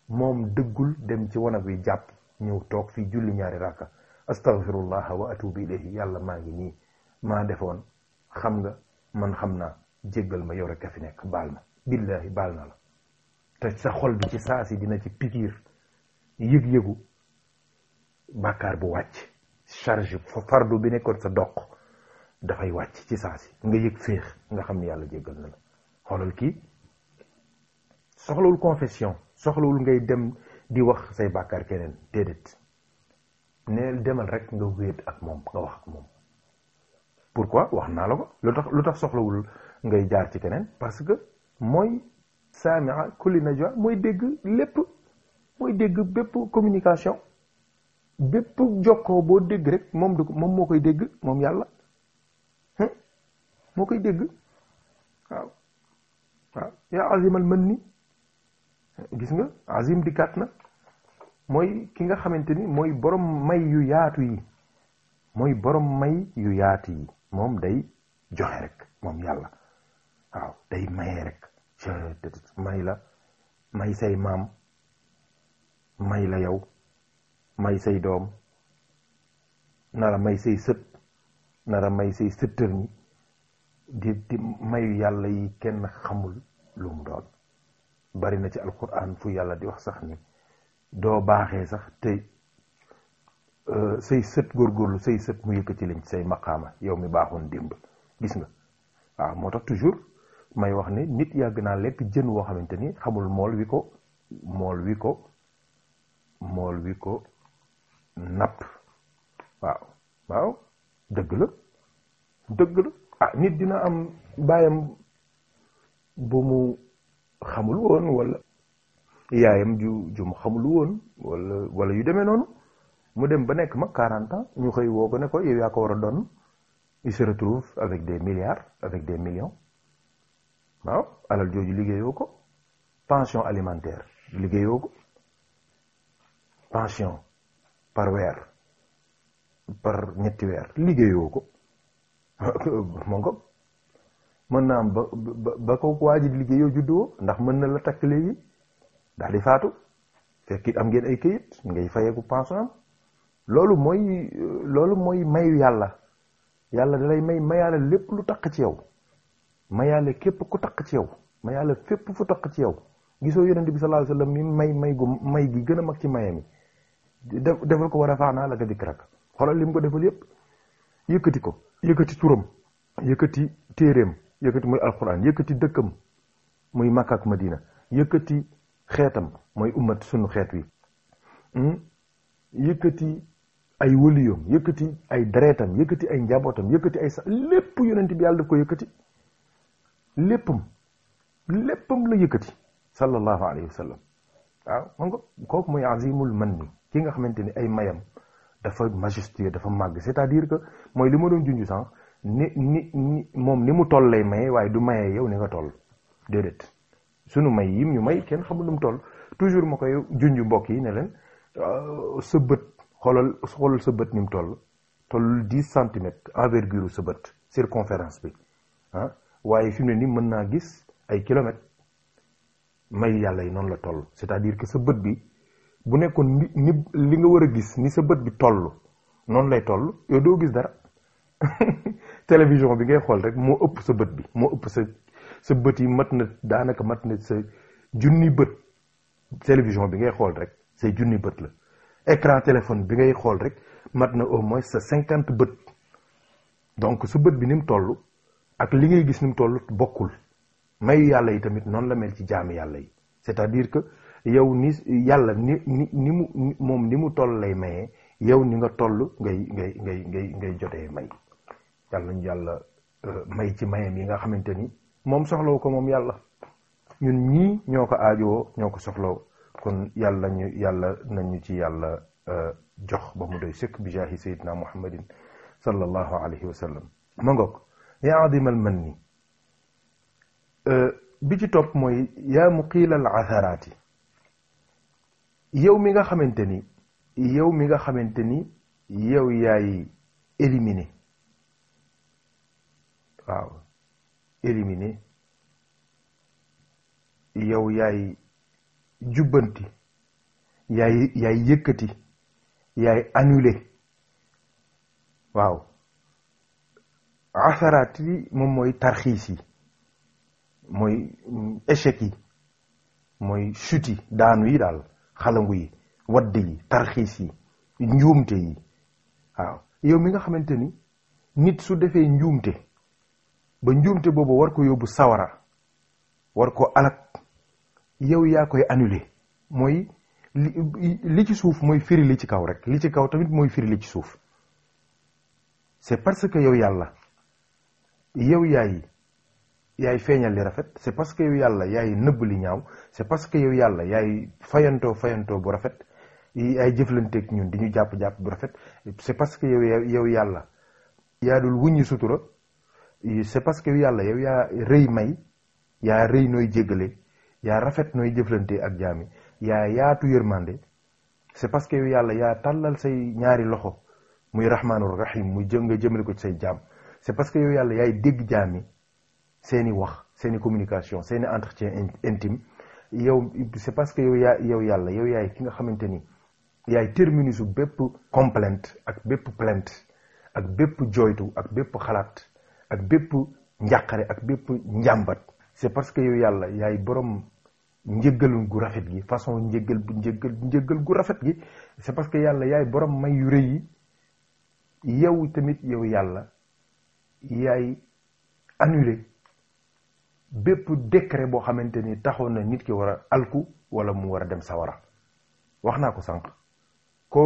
moom dëggul dem ci wanag wi jàpp ñëw toog fii julli ñaari rakka astaghfirullah wa atubu ilayhi yàlla maa ngi nii maa defoon xam nga man xam naa jéggal ma yow rek a fi nekk baal ma billahi baal na la te sa xol bi ci saa dina ci pikiir yëg-yëgu bàkkaar bu wàcc charge fa bi nekkoon sa doq dafay wàcc ci saa si nga yëg féex nga xam ne yàlla jéggal na la xoolal kii soxlawul confession soxlawul ngay dem di wax say bàkkaar keneen déedéet neel demal rek nga wéet ak moom nga wax ak moom pourquoi wax naa la ko lu tax lu tax soxlawul ngay jaar ci keneen parce que mooy saamia kulli najwa mooy dégg lépp mooy dégg bépp communication bépp jokkoo bo dégg rek moom du moom moo koy dégg moom yàlla moo koy dégg waaw waaw yaa azimal ni gis nga azim di kat na mooy ki nga xamante ni mooy borom may yu yaatu yi mooy borom may yu moom day joxe rek moom yàlla waaw day maye rek may la may say maam may la yow may say doom nara may say sët nara may say sëttër ñi di di mayu yàlla yi kenn xamul lu mu doon bari na ci alquran fu yàlla di wax sax ni doo baaxee sax te euh, say sët góorgóorlu say sët mu yëkkati lañ say maqaama yow mi baaxoon démb gis nga waaw moo tax toujours may wax ne nit yàgg naa lekk jën woo xamante ni xamul mool wi ko mool wi ko mool wi ko napp waaw waaw dëgg la dëgg la ah nit dina am baayam bu mu xamul woon wala yaayam ju ju xamul woon wala wala yu demee noonu mu dem ba nekk ma 40 ans ñu xëy woo ko ne ko yow yaa ko war a doon il se retrouve avec des milliards avec des millions waaw alal jooju liggéeyoo ko pension alimentaire liggéeyoo ko par weer par ñetti weer liggéeyoo ko moo ko mën naa am ba ba ko waa ji liggéeyoo juddoo ndax mën na la takk léegi daal di faatu fekk am ngeen ay këyit ngay fayeeku pension loolu mooy loolu mooy mayu yàlla yàlla dalay may mayaale lépp lu takk ci yow mayaale képp ku takk ci yow mayaale fépp fu takk ci yow gisoo yonent bi sallallahu alayhi mi may may gu may gi gën a mag ci mayami defal ko war a faax naa la ka dikrak xoolal li mu ko defal yëpp yëkkati ko yëkkati turam yëkkati téeréem yëkkati muy alquran yëkkati dëkkam muy Makka ak Madina yëkkati xeetam mooy ummat sunu xeet wi hmm? yëkkati ay wëliyoom yëkkati ay dereetam yëkkati ay njabootam yëkkati ay sa lépp yonent bi yàlla daf ko yëkkati léppam léppam la yëkkati sallallahu alayhi wa waaw man kooku mooy azimul man ni ki nga xamante ni ay mayam dafa majestueux dafa màgg c'est-à-dire que mooy li ma doon junj sànq ni ni ni moom ni mu toll lay maye waaye du maye yow ni nga toll déedéet sunu may yim ñu may kenn xamul lu mu toll toujours ma koy junj mbokk yi ne leen euh, sa bët xoolal xoolal sa bët ni mu toll toll dix centimètres envergure sa bët circonférence bi ah waaye fi mu ne ni mën naa gis ay kilomètres may yàlla yi noonu la toll c'est-à-dire que sa bët bi bu nekkoon ni ni li nga war a gis ni sa bët bi toll noonu lay toll yow doo gis dara télévision bi ngay xool rek moo ëpp sa bët bi moo ëpp sa sa bët yi mat na daanaka mat na sa junni bët télévision bi ngay xool rek say junni bët la écran téléphone bi ngay xool rek mat na au moins sa cinquante bët donc sa bët bi ni mu toll ak li ngay gis ni mu bokkul mayu yàlla yi tamit noonu la mel ci jaami yàlla yi c'est-à-dire que yow ni yàlla ni mu moom ni mu toll lay mayee yow ni nga toll ngay ngay ngay ngay ngay jotee may yàlla ñu yàlla euh, may ci mayam yi nga xamante ni moom soxlaw ko moom yàlla ñun ñii ñoo ko aajowoo ñoo ko soxlaw kon yàlla ñu yàlla nañu ci yàlla euh, jox ba mu doy sëkk bi jaahi sayidina muhammadin sallallahu alayhi wa ma ngoog yaa adimal man ni euh, bi ci topp mooy yaa muqiilal atharaati yow mi nga xamante ni yow mi nga xamante ni yow yaay éliminer waaw éliminer yow yaay jubbanti yaay yaay yëkkati yaay waaw asaraat yi moom mooy tarxiis mooy mm, échec mooy chute daanu yi daal xalangu yi wadd yi tarxiis yi njuumte yi waaw yow mi nga xamante ni nit su defee njuumte ba njuumte boobu war ko yóbbu sawara war ko alak yow yaa koy annulé mooy li ci suuf mooy firi li ci kaw rek li ci kaw tamit mooy firi li ci suuf c'est parce que yow yàlla yow yaay yaay feeñal li rafet c'est parce que yow yàlla yaay nëbb li ñaaw c'est parce que yow yàlla yaay fayantoo fayantoo bu rafet yaay jëflanteeg ñun di ñu jàpp jàpp rafet c'est parce que yow yow yàlla yaa dul wuññi sutura c'est parce que yow yàlla yow yaa rëy may yaa rëy nooy jéggale yaa rafet nooy jëflante ak jaami yaa yaatu yërmande c'est parce que yow yàlla yaa tàllal say ñaari loxo muy rahmaanur rahim mu jëng nga jëmale ko ci say jaam c'est parce que yow yàlla yaay dégg jaami seeni wax seeni communication seeni entretien intime yow c'est parce que yow yaa yow yàlla yow yaay ki nga xamante ni yaay terminus su bépp complainte ak bépp plainte ak bépp joytu ak bépp xalaat ak bépp njàqare ak bépp njàmbat c'est parce que yow yàlla yaay borom njëggalul gu rafet gi façon njëggal bu njëggal njëggal gu rafet gi c'est parce que yàlla yaay boroom may yu yi yow tamit yow yàlla yaay annuler bépp décret boo xamante ni taxoon na nit ki war a alku wala mu war dem sawara wax naa ko sànq ko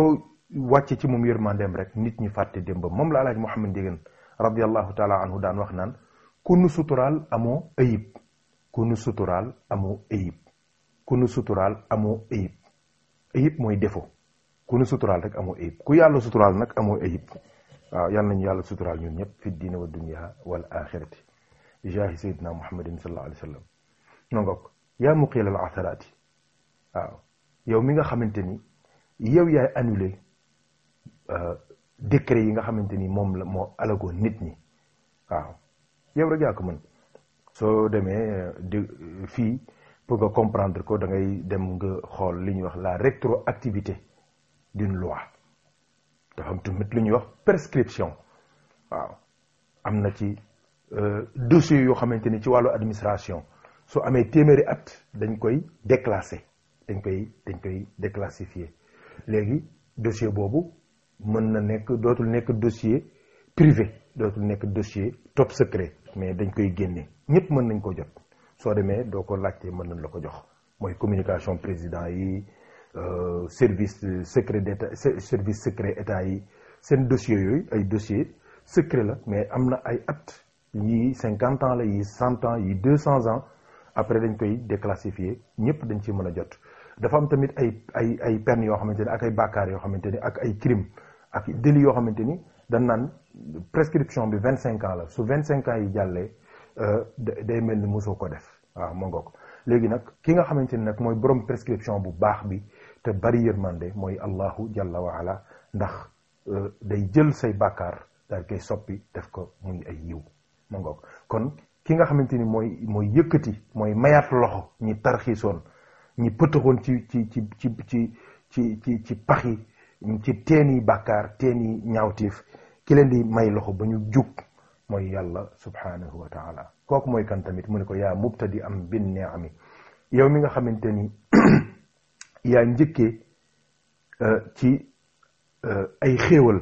wàcce ci moom dem rek nit ñi fàtte ba moom la alaaj Mouhamed Ndieguène radiallahu taala anhu daan wax naan ku nu suturaal amoo ayib ku nu suturaal amoo ayib ku ayib mooy défaut ku nu suturaal rek amoo ayib ku yàlla suturaal nag amoo ayib waaw yàlla nañu yàlla suturaal ñun ñëpp fi diine wa dunia wal axirati bi jaahi sayyidina muhammadin sallallahu alayhi wa sallam na ngokk yaa muqiilal waaw yow mi nga xamante ni yow yaay annulé décret yi nga xamante ni moom la moo alagoon nit ñi waaw yow rek yaa ko mën soo demee di fii pour nga comprendre ko da dem nga xool li ñuy wax la rétroactivité d'une loi dafa am tamit lu ñuy wax prescription waaw am na ci Euh, dossiers yoo xamante ni ci wàllu administration soo amee téeméeri at dañ koy déclassé dañ koy dañ koy déclassifié léegi dossier boobu mën na nekk dootul nekk dossier privé dootul nekk dossier top secret mais dañ koy génne ñëpp mën nañ ko jot soo demee doo ko laajtee mën nañ la ko jox mooy communication président yi euh, service secret d'état service secret état yi seen dossier yooyu ay dossier secret la mais am na ay at yii cinquante ans la yii cent ans deux cents ans après dañ koy déclassifier ñëpp dañ ci mën a jot dafa am tamit ay ay ay peine yoo xamante ni ak ay bàkkaar yoo xamante ni ak ay crime ak délit yoo xamante ni dañ naan prescription bi vingt cinq ans la su vingt cinq ans yi jàllee euh, day mel ni mosoo ko def waaw moo nga ko léegi nag ki nga xamante ni nag mooy borom prescription bu baax bi te bari yërmande mooy allahu jalla wa ala ndax euh, day jël say bàkkaar daal koy soppi def ko ay yiw ma kon ki nga xamante ni mooy mooy yëkkati mooy mayaat loxo ñi tarxiisoon ñi pëtaxoon ci ci ci ci ci ci ci ci ci teen yi bàkkaar teen yi ñaawtiif ki leen di may loxo ba ñu jug mooy yàlla subhanahu wa taala kooku mooy kan tamit mu ne ko yaa di am bin niami yow mi nga xamante ni yaa njëkkee ci ay xéewal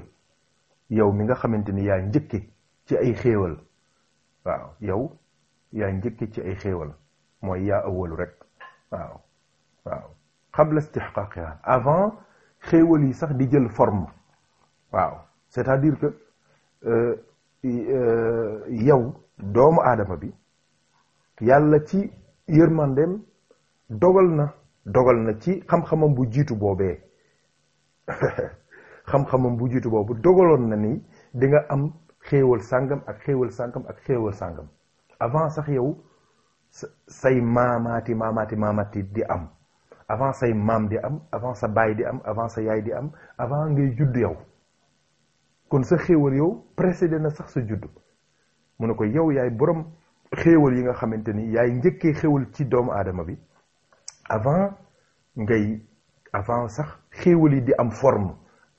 yow mi nga xamante ni yaa njëkke ci ay xéewal waaw yow yaa njëkk ci ay xéewal mooy yaa awalu rek waaw waaw xabla istixqaaqiha avant xéewal yi sax di jël forme waaw c'est-à-dire que euh, euh, yow doomu aadama bi yàlla ci yërmandeem dogal na dogal na ci xam-xamam bu jiitu boobee xam-xamam bu jiitu boobu dogaloon na ni di am xéewal sàngam ak xéewal sàngam ak xéewal sàngam avant sax yow say maamaati maamaati maamaati di am avant say maam di am avant sa baay di am avant sa yaay di am avant ngay judd yow kon sa xéewal yow précédé na sax sa judd mu ne ko yow yaay borom xéewal yi nga xamante ni yaay njëkkee xéewal ci doomu aadama bi avant ngay avant sax xéewal yi di am forme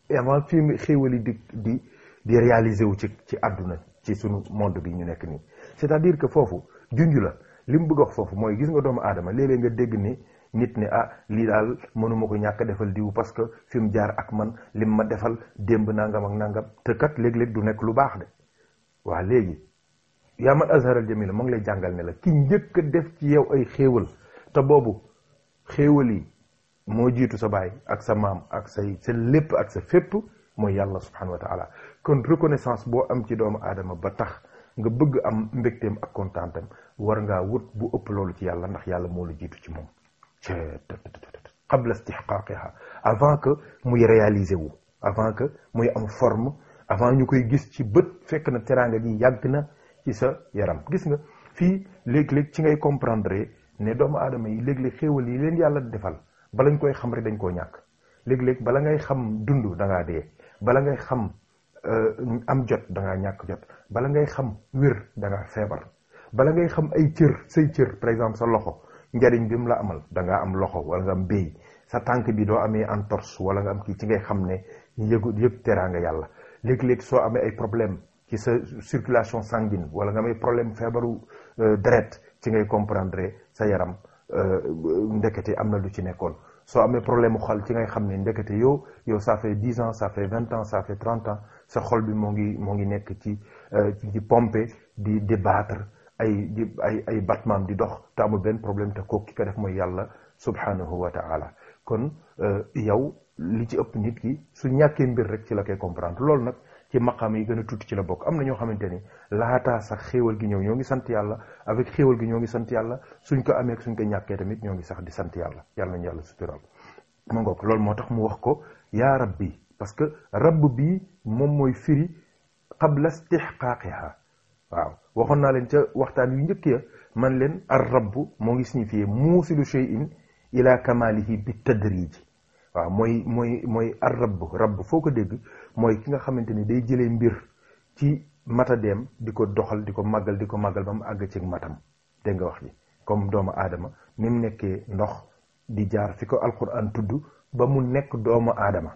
avant fi xéewal yi di di di réaliser wu ci ci àdduna ci suñu monde bi ñu nekk nii c'est-à-dire que foofu junj la li mu bëgg foofu mooy gis nga doomu aadama léeg-léeg nga dégg ni nit ne ah lii daal mënuma ko ñàkk defal diw parce que fi jaar ak man lim ma defal démb nangam ak nangam te kat léeg-léeg du nekk lu baax de waa léegi yaa man azharal jamila ma ngi lay jàngal ne la ki njëkk def ci yow ay xéewal te boobu xéewal yi moo jiitu sa baay ak sa maam ak sa lépp ak sa fépp mooy yàlla subhanahu kon reconnaissance boo am ci doomu aadama ba tax nga bëgg am mbégteem ak kontaantam war ngaa wut bu ëpp loolu ci yàlla ndax yàlla moo lu jiitu ci moom c qabla istihqaaqiha avant que muy réaliser wu avant que muy am forme avant ñu koy gis ci bët fekk na teraanga ji yàgg na ci sa yaram gis nga fii léegi léeg ci ngay comprendre ne doomu aadama yi léeg-léeg xéewal yi leen yàlla defal balañ koy xam rek dañ koo ñàkk léegi léeg bala ngay xam dund da ngaa Euh, am jot da ngaa ñàkk jot bala ngay xam wér da ngaa feebar bala ngay xam ay cër say cër par exemple sa loxo njariñ bi mu la amal da ngaa am loxo wala nga am béy sa tànk bi doo amee entorse wala nga am kii ci ngay xam ne yëgu yëg teraanga yàlla léeg-léeg soo amee ay problème ci sa circulation sanguine wala nga amee problème feebaru euh, deret ci ngay comprendre sa yaram euh, ndekete am na lu ci nekkoon soo amee problème mu xol ci ngay xam ne ndekete yow yow ça fait vingt ans ça fait trente sa xol bi moo ngi moo ngi nekk ci euh, ci pompe di débattre ay ay ay batmaam di dox te benn problème te kooku ki ko def mooy yàlla subhanahu wa ta'ala kon euh, yow li ci ëpp nit ki su ñàkkee mbir rek ci la koy comprendre loolu nag ci maqaam yi gën a tuuti ci la bokk am na ñoo xamante ni laata sax xewal gi ñëw ñoo ngi sant yàlla avec xéewal gi ñoo ngi sant yàlla suñ ko amee suñ ko ñàkkee tamit ñoo ngi sax di sant yàlla yàlla nañu yàlla sutural ma ngoog loolu moo tax mu parce que rabb bi moom mooy firi qabla istihqaaqiha waaw waxoon naa leen ca waxtaan yu njëkk ya man leen ar rabb moo ngi signifié muusilu shay'in ila kamalihi bi tadriji waaw mooy mooy mooy ar rabb rabb foo ko dégg mooy ki nga xamante ni day jëlee mbir ci matadeem di ko doxal di ko màggal di ko màggal ba mu àgg ci matam dégg nga wax ji comme doomu aadama ni mu nekkee ndox di jaar fi ko alquran tudd ba mu nekk doomu aadama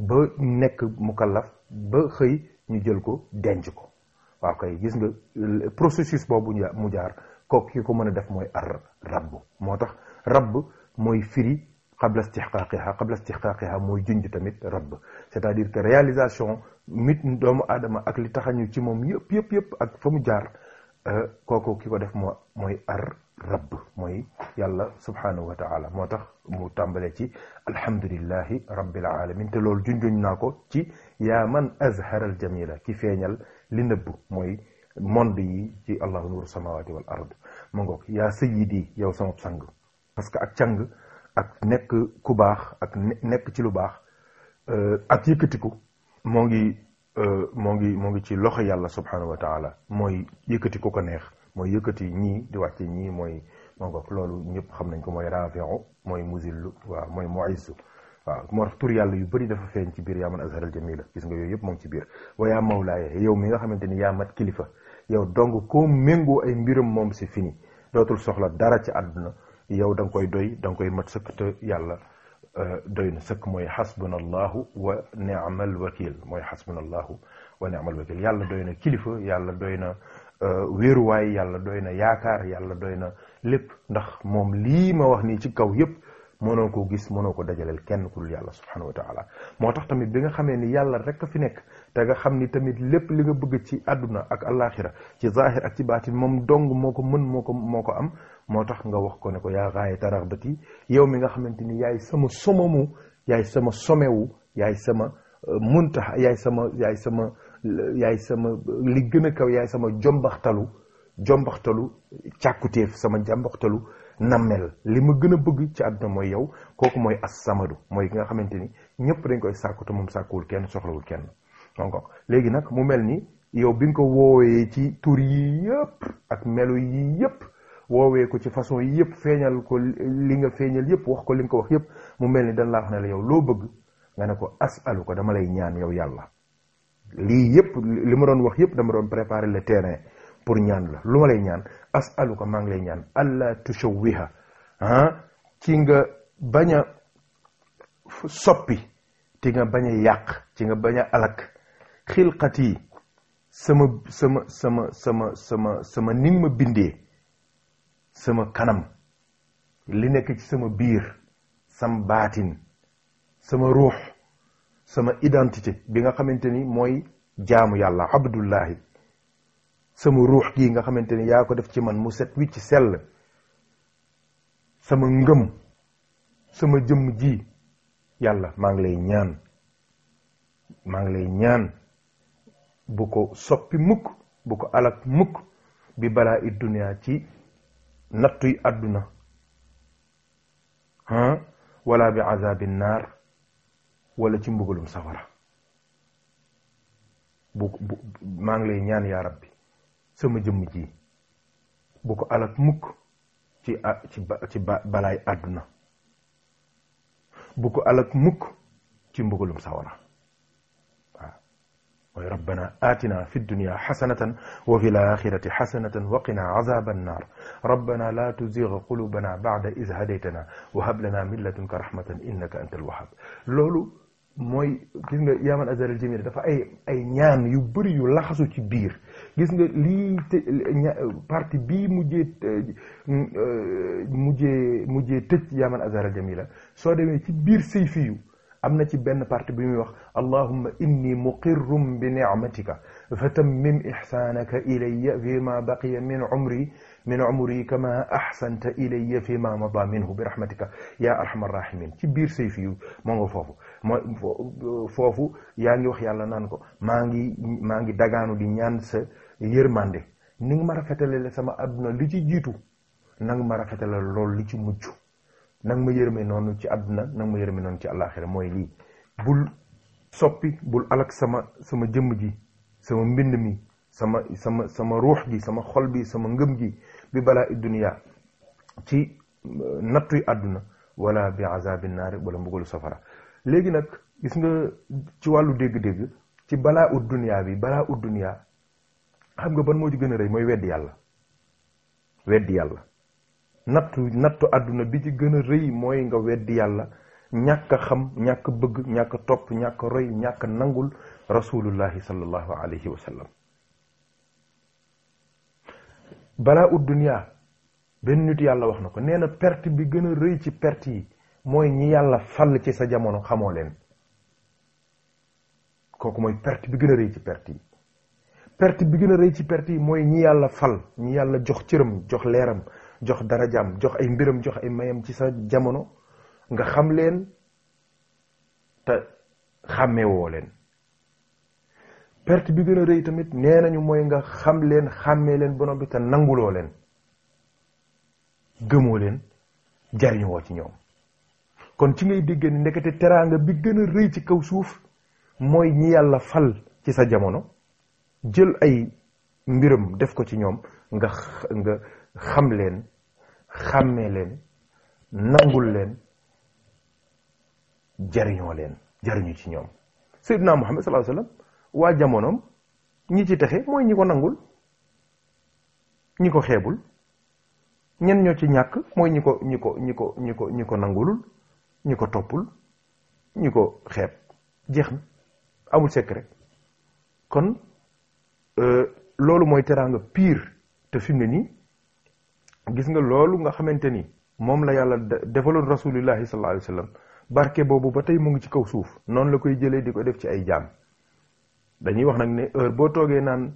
ba nekk mukallaf ba xëy ñu jël ko denc ko waaw kay gis nga processus boobu mu jaar kooku ki ko mën a def mooy ar rabb moo tax rabb mooy firi qabla istihqaaqiha qabla istihqaaqiha mooy junj tamit rabb c'est-à-dire que réalisation mit doomu adama ak li taxañu ci moom yëpp yëpp yëpp ak fa mu jaar euh, kooku ki ko def moo mooy ar rabb mooy yàlla subhanahu wa taala moo tax mu tàmbale ci alhamdulillahi rabbil alamin te loolu junjuñ naa ko ci yaa man azhara al jamila ki feeñal li nëbb mooy monde yi ci allahu nuru samawati wal ard mu yaa sayyidi yow sama sang parce que ak càng ak nekk ku baax ak nekk ci lu baax euh, ak yëkkatiku moo ngi euh, moo ngi moo ngi ci loxo yàlla subhanahu wa taala mooy yëkkati ku ko neex mooy yëkkati ñii di wàcce ñii mooy moo ko loolu ñëpp xam nañ ko mooy rafiu mooy muzillu waaw mooy muizzu waaw moo tax tur yàlla yu bari dafa feeñ ci biir yaa man azharal jamila gis nga yooyu yëpp moom ci biir wa yaa mawlaaya yow mi nga xamante ni yaa mat kilifa yow dong koo méngoo ay mbiram moom si fini dootul soxla dara ci àdduna yow da nga koy doy da koy mat sëkk te yàlla euh, doy na sëkk mooy xasbuna allahu wa niamal wakil mooy xasbuna allahu wa niamal wakil yàlla na kilifa yàlla doy na Euh, wéeruwaay yàlla doy na yaakaar yàlla doy na lépp ndax moom lii ma wax nii ci kaw yépp mënoo ko gis mënoo ko dajaleel kenn kul dul yàlla subhanahu wa taala moo tax tamit bi nga xamee ni yàlla rek a fi nekk te nga xam ni tamit lépp li nga bëgg ci àdduna ak alaxira ci zahir ak ci baatin moom dong moo ko mën moo ko moo ko am moo tax nga wax ko ne ko yaa gaayata raxbati yow mi nga xamante ni yaay sama somamu yaay sama somewu yaay sama euh, muntaha yaay sama yaay sama yaay sama li gën a kaw yaay sama jombaxtalu jombaxtalu càkkutéef sama jombaxtalu nammel li ma gën a bëgg ci àdduna mooy yow kooku mooy as samadu mooy ki nga xamante ni ñëpp dañ koy sàkku te moom sàkkuwul kenn soxlawul kenn donc léegi nag mu mel ni yow bi nga ko woowee ci tur yi yëpp ak melu yi yëpp woowee ko ci façon yi yëpp feeñal ko li nga feeñal yëpp wax ko li nga ko wax yëpp mu mel ni dañ laa wax ne la yow loo bëgg nga ne ko asalu ko dama lay ñaan yow yàlla lii yëpp li ma doon wax yëpp dama doon préparer le terrain pour ñaan la lu ma lay ñaan asaluka maa ngi lay ñaan allah tushawwiha ah ci nga bañ a soppi ti nga baña yàq ci nga bañ a alak xilqat yi sama sama sama sama sama sama ni ma bindee sama kanam li nekk ci sama biir sam baatin sama ruux sama identité bi nga xamante ni mooy jaamu yàlla abdullahi sama ruux gii nga xamante ni yaa ko def ci man mu set wicc sell sama ngëm sama jëmm ji yàlla maa ngi lay ñaan maa ngi lay ñaan bu ko soppi mukk bu ko alak mukk bi balaa i dunia ci nattuy àdduna ah bi azabin naar wala ci mbugalum safara bu bu maa ngi lay ñaan yaa rabbi sama jëmm ji bu ko alak mukk ci ci ci balaay àdduna bu ko alak mukk ci mbugalum sawara waaw mooy rabbana atina fi dunya xasanatan wa fi laaxirati xasanatan wa qina azaba annaar rabbana la tuzig qulubana bacda id hadaytana wa hab lana min ladunka rahmatan innaka anta alwahab loolu mooy gis nga yaaman azaril jamir dafa ay ay ñaan yu bëri yu laxasu ci biir gis nga lii parti bii mujjee euh, mujjee mujjee tëj yaaman azaril jamila soo demee ci biir sayfi yu am na ci benn parti bi muy wax allahumma inni muqirrum bi nicmatika fatammim ixsaanaka ilayya fi ma baqiya min umri min umri kama axsanta ilayya fi ma mada minhu bi rahmatika ya arhamar rahimin ci biir sayfi yu moo nga foofu mooy foofu yaa ngi wax yàlla naan ko maa ngi maa ngi dagaanu di ñaan sa yërmande ni nga ma rafetalale sama àdduna li ci jiitu nanga ma rafetalal lool li ci mujj nanga ma yërme noonu ci àdduna nanga ma yërme noonu ci àllaaxira mooy lii bul soppi bul alak sama sama jëmm ji sama mbind mi sama sama sama ruux gi sama xol bi sama ngëm gi bi balaa idduniya ci euh, nattuy àdduna wala bi azabi naari wala mbugalu safara léegi nag gis nga ci wàllu dégg-dégg ci balaa ut duniyaa bi balaa ut duniyaa xam nga ban moo ci gën a rëy mooy weddi yàlla weddi yàlla nattu nattu bi ci gën a rëy mooy nga weddi yàlla ñàkk xam ñàkk bëgg ñàkk topp ñàkk roy ñàkk nangul rasulullahi sallallahu alayhi wa balaa ut duniyaa benn nit yàlla wax na ko nee na bi gën a rëy ci pert yi mooy ñi yàlla fal ci sa jamono xamoo leen kooku mooy perte bi gën a rëy ci perte yi mooy ñi yàlla fal ñi yàlla jox cëram jox leeram jox darajaam jox ay mbiram jox ay mayam ci sa jamono nga xam leen te xàmmewoo leen perte bi gën a rëy tamit nee nañu mooy nga xam leen xàmmee leen bono bi te nanguloo leen gëmoo leen jariñoo ci ñoom kon ci ngay déggee ni ndekete teraanga bi gën a rëy ci kaw suuf mooy ñi yàlla fal ci sa jamono jël ay mbiram def ko ci ñoom nga xam leen xàmmee leen nangul leen jariñoo leen jariñu ci ñoom Seydina Muhammad sallallahu alayhi wa sallam waa jamonoom ñi ci texe mooy ñi ko nangul ñi ko xeebul ñen ñoo ci ñàkk mooy ñi ko ñi ko ñi ko ñi ko ñi ko nangulul ñu ko toppul ñu ko xeeb jeex na amul secret kon euh, loolu mooy teraanga pire te fi mu ne nii gis nga loolu nga xamante ni moom la yàlla defaloon rasulillahi sallallahu alayhi wa sallam barke boobu ba tey mu ngi ci kaw suuf noonu la koy jëlee di ko def ci ay jaam dañuy wax nag ni heure boo toogee naan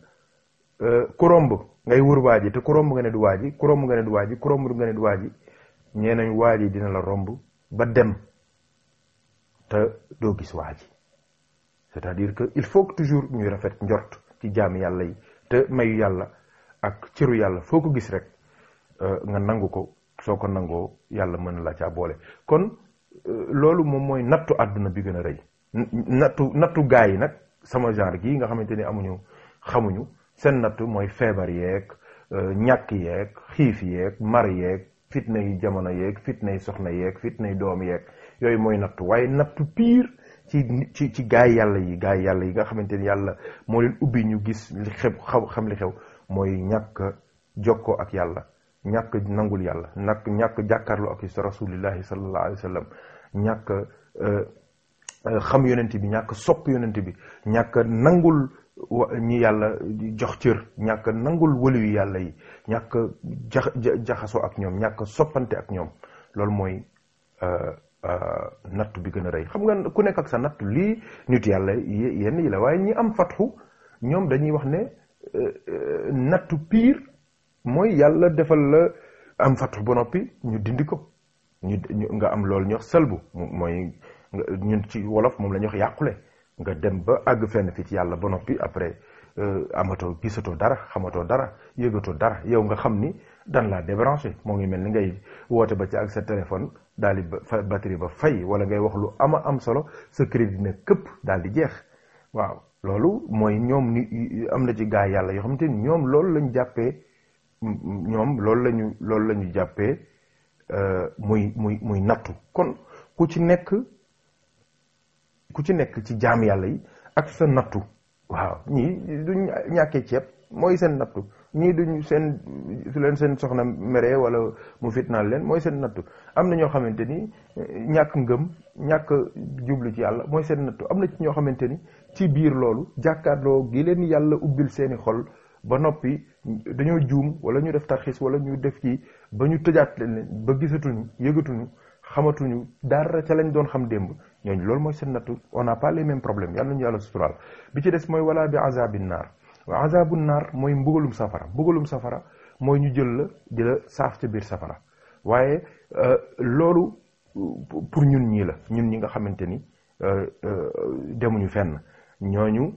euh, kuromb ngay wër waa ji te kuromb nga waa ji kuromb nga ne du waa ji kuromb nga ne du waa ji ñee nañ waa ji dina la romb ba dem te doo gis waa ji c'est-à-dire que il faut que toujours ñuy rafet njort ci jaami yàlla yi te mayu yàlla ak cëru yàlla foo ko gis rek euh, nga nangu ko soo ko nangoo yàlla mën la caa boole kon euh, loolu moom mooy nattu àdduna bi gën a rëy nattu nattu gaa yi nag sama genre gi nga xamante ni amuñu xamuñu seen nattu mooy feebar yeeg euh, ñàkk yeeg xiif yeeg mar yeeg fitna yi jamono yeeg fitna yi soxna yeeg fitna yi doom yeeg yooyu mooy nattu waaye nattu piir ci ci gaa gaay yàlla yi gaay yàlla yi nga xamante ni yàlla moo leen ubbi ñu gis li xew xam li xew mooy ñàkk jokkoo ak yàlla ñàkk nangul yàlla nag ñàkk jàkkaarloo ak sa rasulillahi sallallahu alayhi wa sallam ñàkk euh, euh, xam yonent bi ñàkk sopp yonent bi ñàkk nangul wa ñi yàlla jox cër ñàkk nangul wëlu yu yàlla yi ñàkk jaxasoo ak ñoom ñàkk soppante ak ñoom loolu mooy euh, euh, nattu bi gën a rëy xam nga ku nekk ak sa nattu lii nit yàlla yenn yi la waaye ñi am fatxu ñoom dañuy wax ne euh, nattu piir mooy yàlla defal la am fatxu ba noppi ñu dindi ko ñu nga am loolu ñu wax mooy ñun ci wolof moom la ñu yàqule nga dem ba àgg fenn fi ci yàlla ba noppi après euh, amatoo gisatoo dara xamatoo dara yëgatoo dara yow nga xam ni dan laa débranché moo ngi mel ni ngay woote ba ci ak sa téléphone daal di ba batterie ba fay wala ngay wax lu ama am solo sa crédit na këpp daal di jeex waaw loolu mooy ñoom ni am na ci gaa yàlla yoo xamante ni ñoom loolu lañu jàppee ñoom loolu lañu loolu la ñu jàppee euh, muy muy muy nattu kon ku ci nekk ku ci nekk ci jaam yàlla yi ak sa nattu waaw ñii duñ ñàkkee ceeb mooy seen nattu ñii duñ seen leen seen soxna mere wala mu fitnaal leen mooy seen nattu am na ñoo xamante ni ñàkk ngëm ñàkk jublu ci yàlla mooy seen nattu am na ci ñoo xamante ni ci biir loolu jàkkaarloo gi leen yàlla ubbil seeni xol ba noppi dañoo juum wala ñu def tarxis wala ñu def ci ba ñu tëjaat leen ba gisatuñu yëgatuñu xamatuñu dara ca lañ doon xam démb ñooñu loolu mooy seen nattu on n'a pas les mêmes problèmes yàlla nañu yàlla suturaal bi ci des mooy wala bi azabin naar wa azabun naar mooy mbugalum safara mbugalum safara mooy ñu jël la di la biir safara waaye euh, loolu euh, pour ñun ñii la ñun ñi nga xamante ni euh, demuñu fenn ñooñu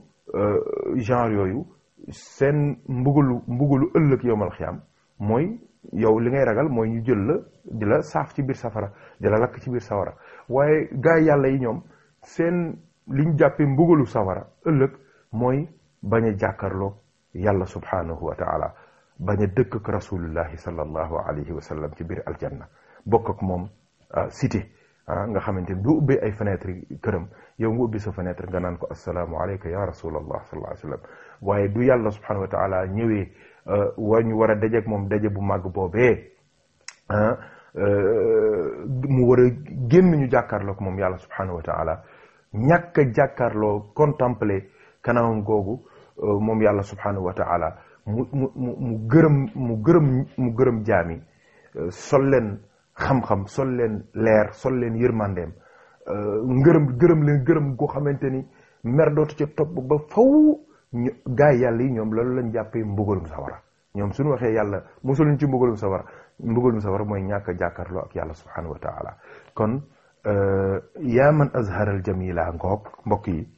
genre yooyu seen mbugalu mbugalu ëllëg yowmal xiyaam mooy yow li ngay ragal mooy ñu jël la di la saaf ci biir safara di la lakk ci biir safara waaye gaa yàlla yi ñoom seen liñ jàppee mbugalu sawara ëllëg mooy bañ a jàkkaarloo yàlla subhanahu wa taala bañ dëkk ak rasulullahi sallallahu alayhi wa sallam ci biir aljanna bokk moom ah, cité ah, nga xamante ni du ubbi ay fenêtre këram yow nga ubbi sa fenêtre nga naan ko assalaamu alayka ya rasulallah sallallahu wa sallam waaye du yàlla subhanahu wa taala ñëwee ah, wa ñu war a dajeeg moom daje bu màgg boobee Euh, mu war a génn ñu jàkkaarloog moom yàlla subhanahu wa taala ñàkk a jàkkaarloo contempler kanamam googu euh, moom yàlla subhanahu wa taala mu mu mu mu gërëm mu gërëm mu gërëm jaami euh, sol leen xam-xam sol leen leer sol leen yërmandeem ngërëm gërëm leen gërëm goo xamante ni mer dootu ca topp ba faw ñu gaay yàlla yi ñoom loolu lañ jàppee mbugalum sawara ñoom suñu waxee yàlla mosuluñ ci mbugalum mu mbugalum sawara mooy ñàkk a jàkkaarloo ak yàlla subhanahu wa taala kon euh, yaa man azharal jamila ngoog mbokk yi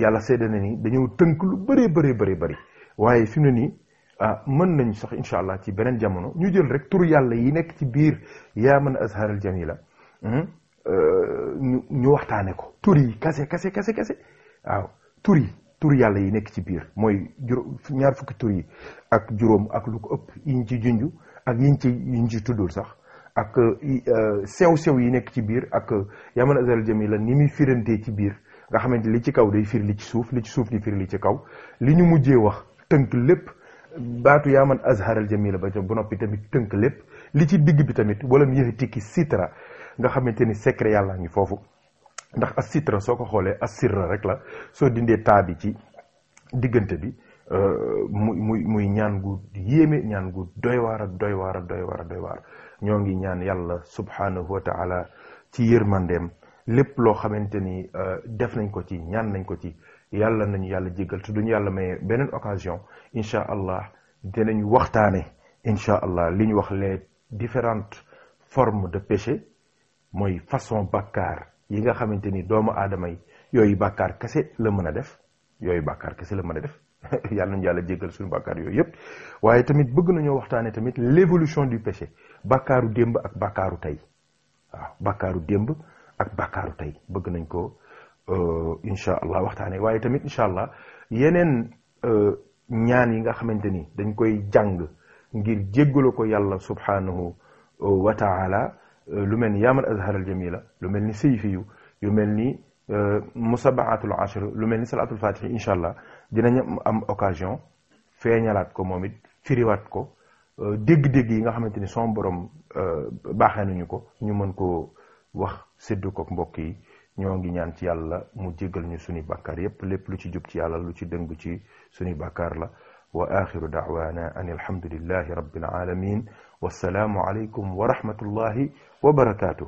yàlla seede na ni dañoo tënk lu bëree bëree bëri bëri waaye fi mu ne nii ah mën nañ sax incha allah ci beneen jamono ñu jël rek tur yàlla yi nekk ci biir yaa man azharal jamila hmm, euh, ñu waxtaane ko tur yi kase kase kase kase waaw tur tur yàlla yi nekk ci biir mooy juróom ñaar fukki tur yi ak juróom ak lu ko ëpp yiñ ci junj ak yiñ ci yiñ ci tuddul sax ak euh, sew sew yi nekk ci biir ak yaman azal jami la ni muy firantee ci biir nga xamante li ci kaw day fir li ci suuf li ci suuf di fir li ci kaw li ñu mujjee wax tënk lépp baatu man azharal jamila ba ba noppi tamit tënk lépp li ci digg bi tamit walam yëxi tikki sitra nga xamante ni secret yàlla ngi foofu ndax as soo ko xoolee as sirra rek la soo dindee taa bi ci diggante bi euh, muy muy muy ñaan gu yéeme ñaan gu doy waar doy waar doy waar doy waar ñoo ngi ñaan yàlla subhanahu wa taala ci yërmandeem lépp loo xamante ni euh, def nañ ko ci ñaan nañ ko ci yàlla nañu yàlla jéggal te ñu yàlla maye beneen occasion incha allah dinañ waxtaane incha allah li ñu wax les différentes formes de péché mooy façon bàkkaar yi nga xamante ni doomu aadama yi yooyu bàkkaar kese la mën a def yooyu bàkkaar kese la mën a def yàlla nañu yàlla jéggal suñu bàkkaar yooyu yëpp waaye tamit bëgg nañoo waxtaane tamit l'évolution du péché bàkkaaru démb ak bàkkaaru tey waaw bàkkaaru ak bàkkaaru tey bëgg nañ ko euh, incha allah waxtaane waaye tamit incha allah yeneen euh, ñaan yi nga xamante ni dañ koy jàng ngir jéggalu ko yàlla subhanahu wa lu mel ni yaaman azhar al jamila lu mel ni sayfiyu yu mel ni euh, musabaatul ashri lu mel ni salaatul fatihi incha allah dinañ am occasion feeñalaat ko moom it firiwaat ko euh, dégg-dégg yi nga xamante ni son borom euh, baaxee nañu ko ñu mën ko wax séddu ko mbokk yi ñoo ngi ñaan ci yàlla mu jéggal ñu suñu bàkkaar yépp lépp lu ci jub ci yàlla lu ci dëng ci suñu bàkkaar la wa axiru daawaana an alhamdulillahi rabbil alamin wassalaamu aleykum wa rahmatullahi wa barakaatuhu